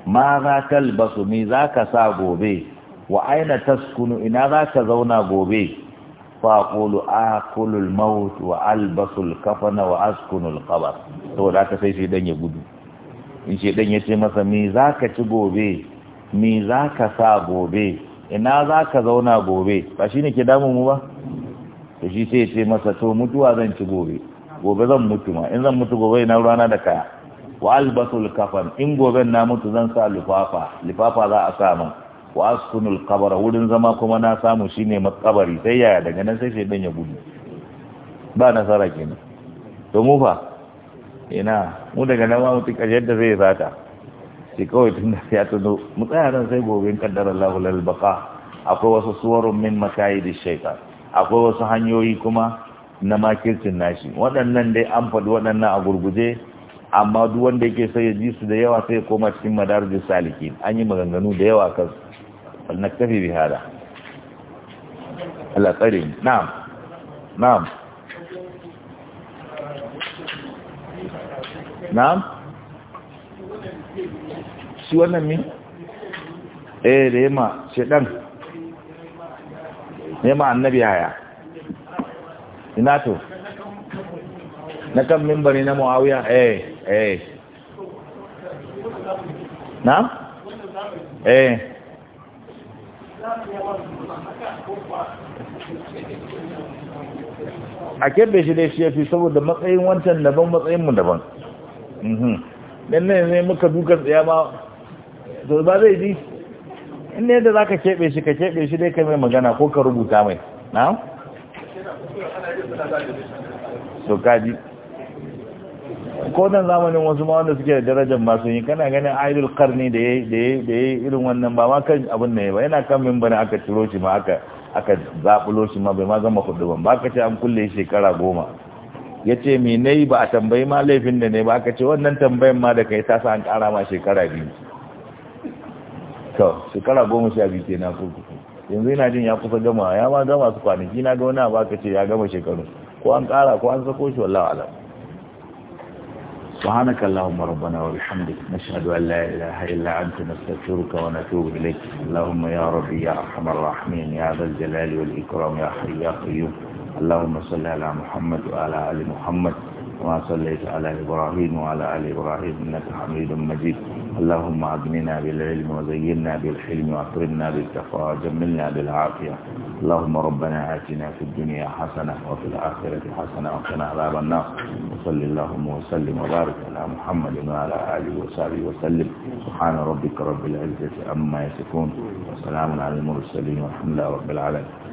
ma za ka albasu me za ka sa gobe wa aina taskunu ina za ka zauna gobe faƙulu akulul maut wa albasul kafana wa askunul qabar saboda haka sai shi dan ya gudu in ce ɗan ya ce masa me za ka ci gobe me za ka sa gobe ina za ka zauna gobe ba shi ne ke damun mu ba to shi sai ce masa to mutuwa zan ci gobe gobe zan mutu ma in zan mutu gobe ina rana da kaya wa albasul kafan in gobe na mutu zan sa lifafa lifafa za a sa min wa askunul kabara wurin zama kuma na samu shine matsabari sai yaya daga nan sai shedan ya gudu ba nasara kenan to mu fa ina mu daga nan ma mutum ƙaryar da zai zata shi kawai tun da ya tuno mu tsaya nan sai gobe kaddara Allahu lal akwai wasu suwarun min makayi da shaitan akwai wasu hanyoyi kuma na makircin nashi waɗannan dai an faɗi waɗannan a gurguje amma duk wanda yake sai ya ji su da yawa sai ya koma cikin madarajin saliki an yi maganganu da yawa kan na tafi bihada Allah na'am na'am na'am shi wannan mi eh da yamma shedan yamma annabi haya ina to na kan mimbari na muawiya eh eh na'am eh a kebe shi dai shi ya fi saboda matsayin wancan daban matsayinmu daban dan mhm. nan ne muka dukan tsaya ba to ba zai ji in ne da zaka kebe shi ka kebe shi dai kai mai magana ko ka rubuta mai na'am to kaji ko dan zamanin wasu ma wanda suke da darajar masu yi kana ganin aidul karni da yayi da yayi irin wannan ba ma kan abin ne ba yana kan mimbar aka ciro shi ma aka aka zabulo shi ma bai ma zama hudu ban ba ka ce an kulle shekara goma ya ce me na yi ba a tambayi ma laifin da ne ba aka ce wannan tambayin ma da kai ta sa an kara ma shekara biyu to shekara goma sha biyu ke na kurkuku yanzu yana jin ya kusa gama ya ma gama su kwanaki na ga wani abu aka ce ya gama shekaru ko an kara ko an sako shi wallawa ala سبحانك اللهم ربنا وبحمدك نشهد ان لا اله الا انت نستغفرك ونتوب اليك اللهم يا ربي يا ارحم الراحمين يا ذا الجلال والاكرام يا حي يا قيوم اللهم صل على محمد وعلى آل محمد كما صليت على إبراهيم وعلى آل إبراهيم إنك حميد مجيد اللهم أغننا بالعلم وزينا بالحلم وأكرمنا بالتقوى وجملنا بالعافية اللهم ربنا آتنا في الدنيا حسنة وفي الآخرة حسنة وقنا عذاب النار وصل اللهم وسلم وبارك على محمد وعلى آله وصحبه وسلم سبحان ربك رب العزة عما يصفون وسلام على المرسلين والحمد لله رب العالمين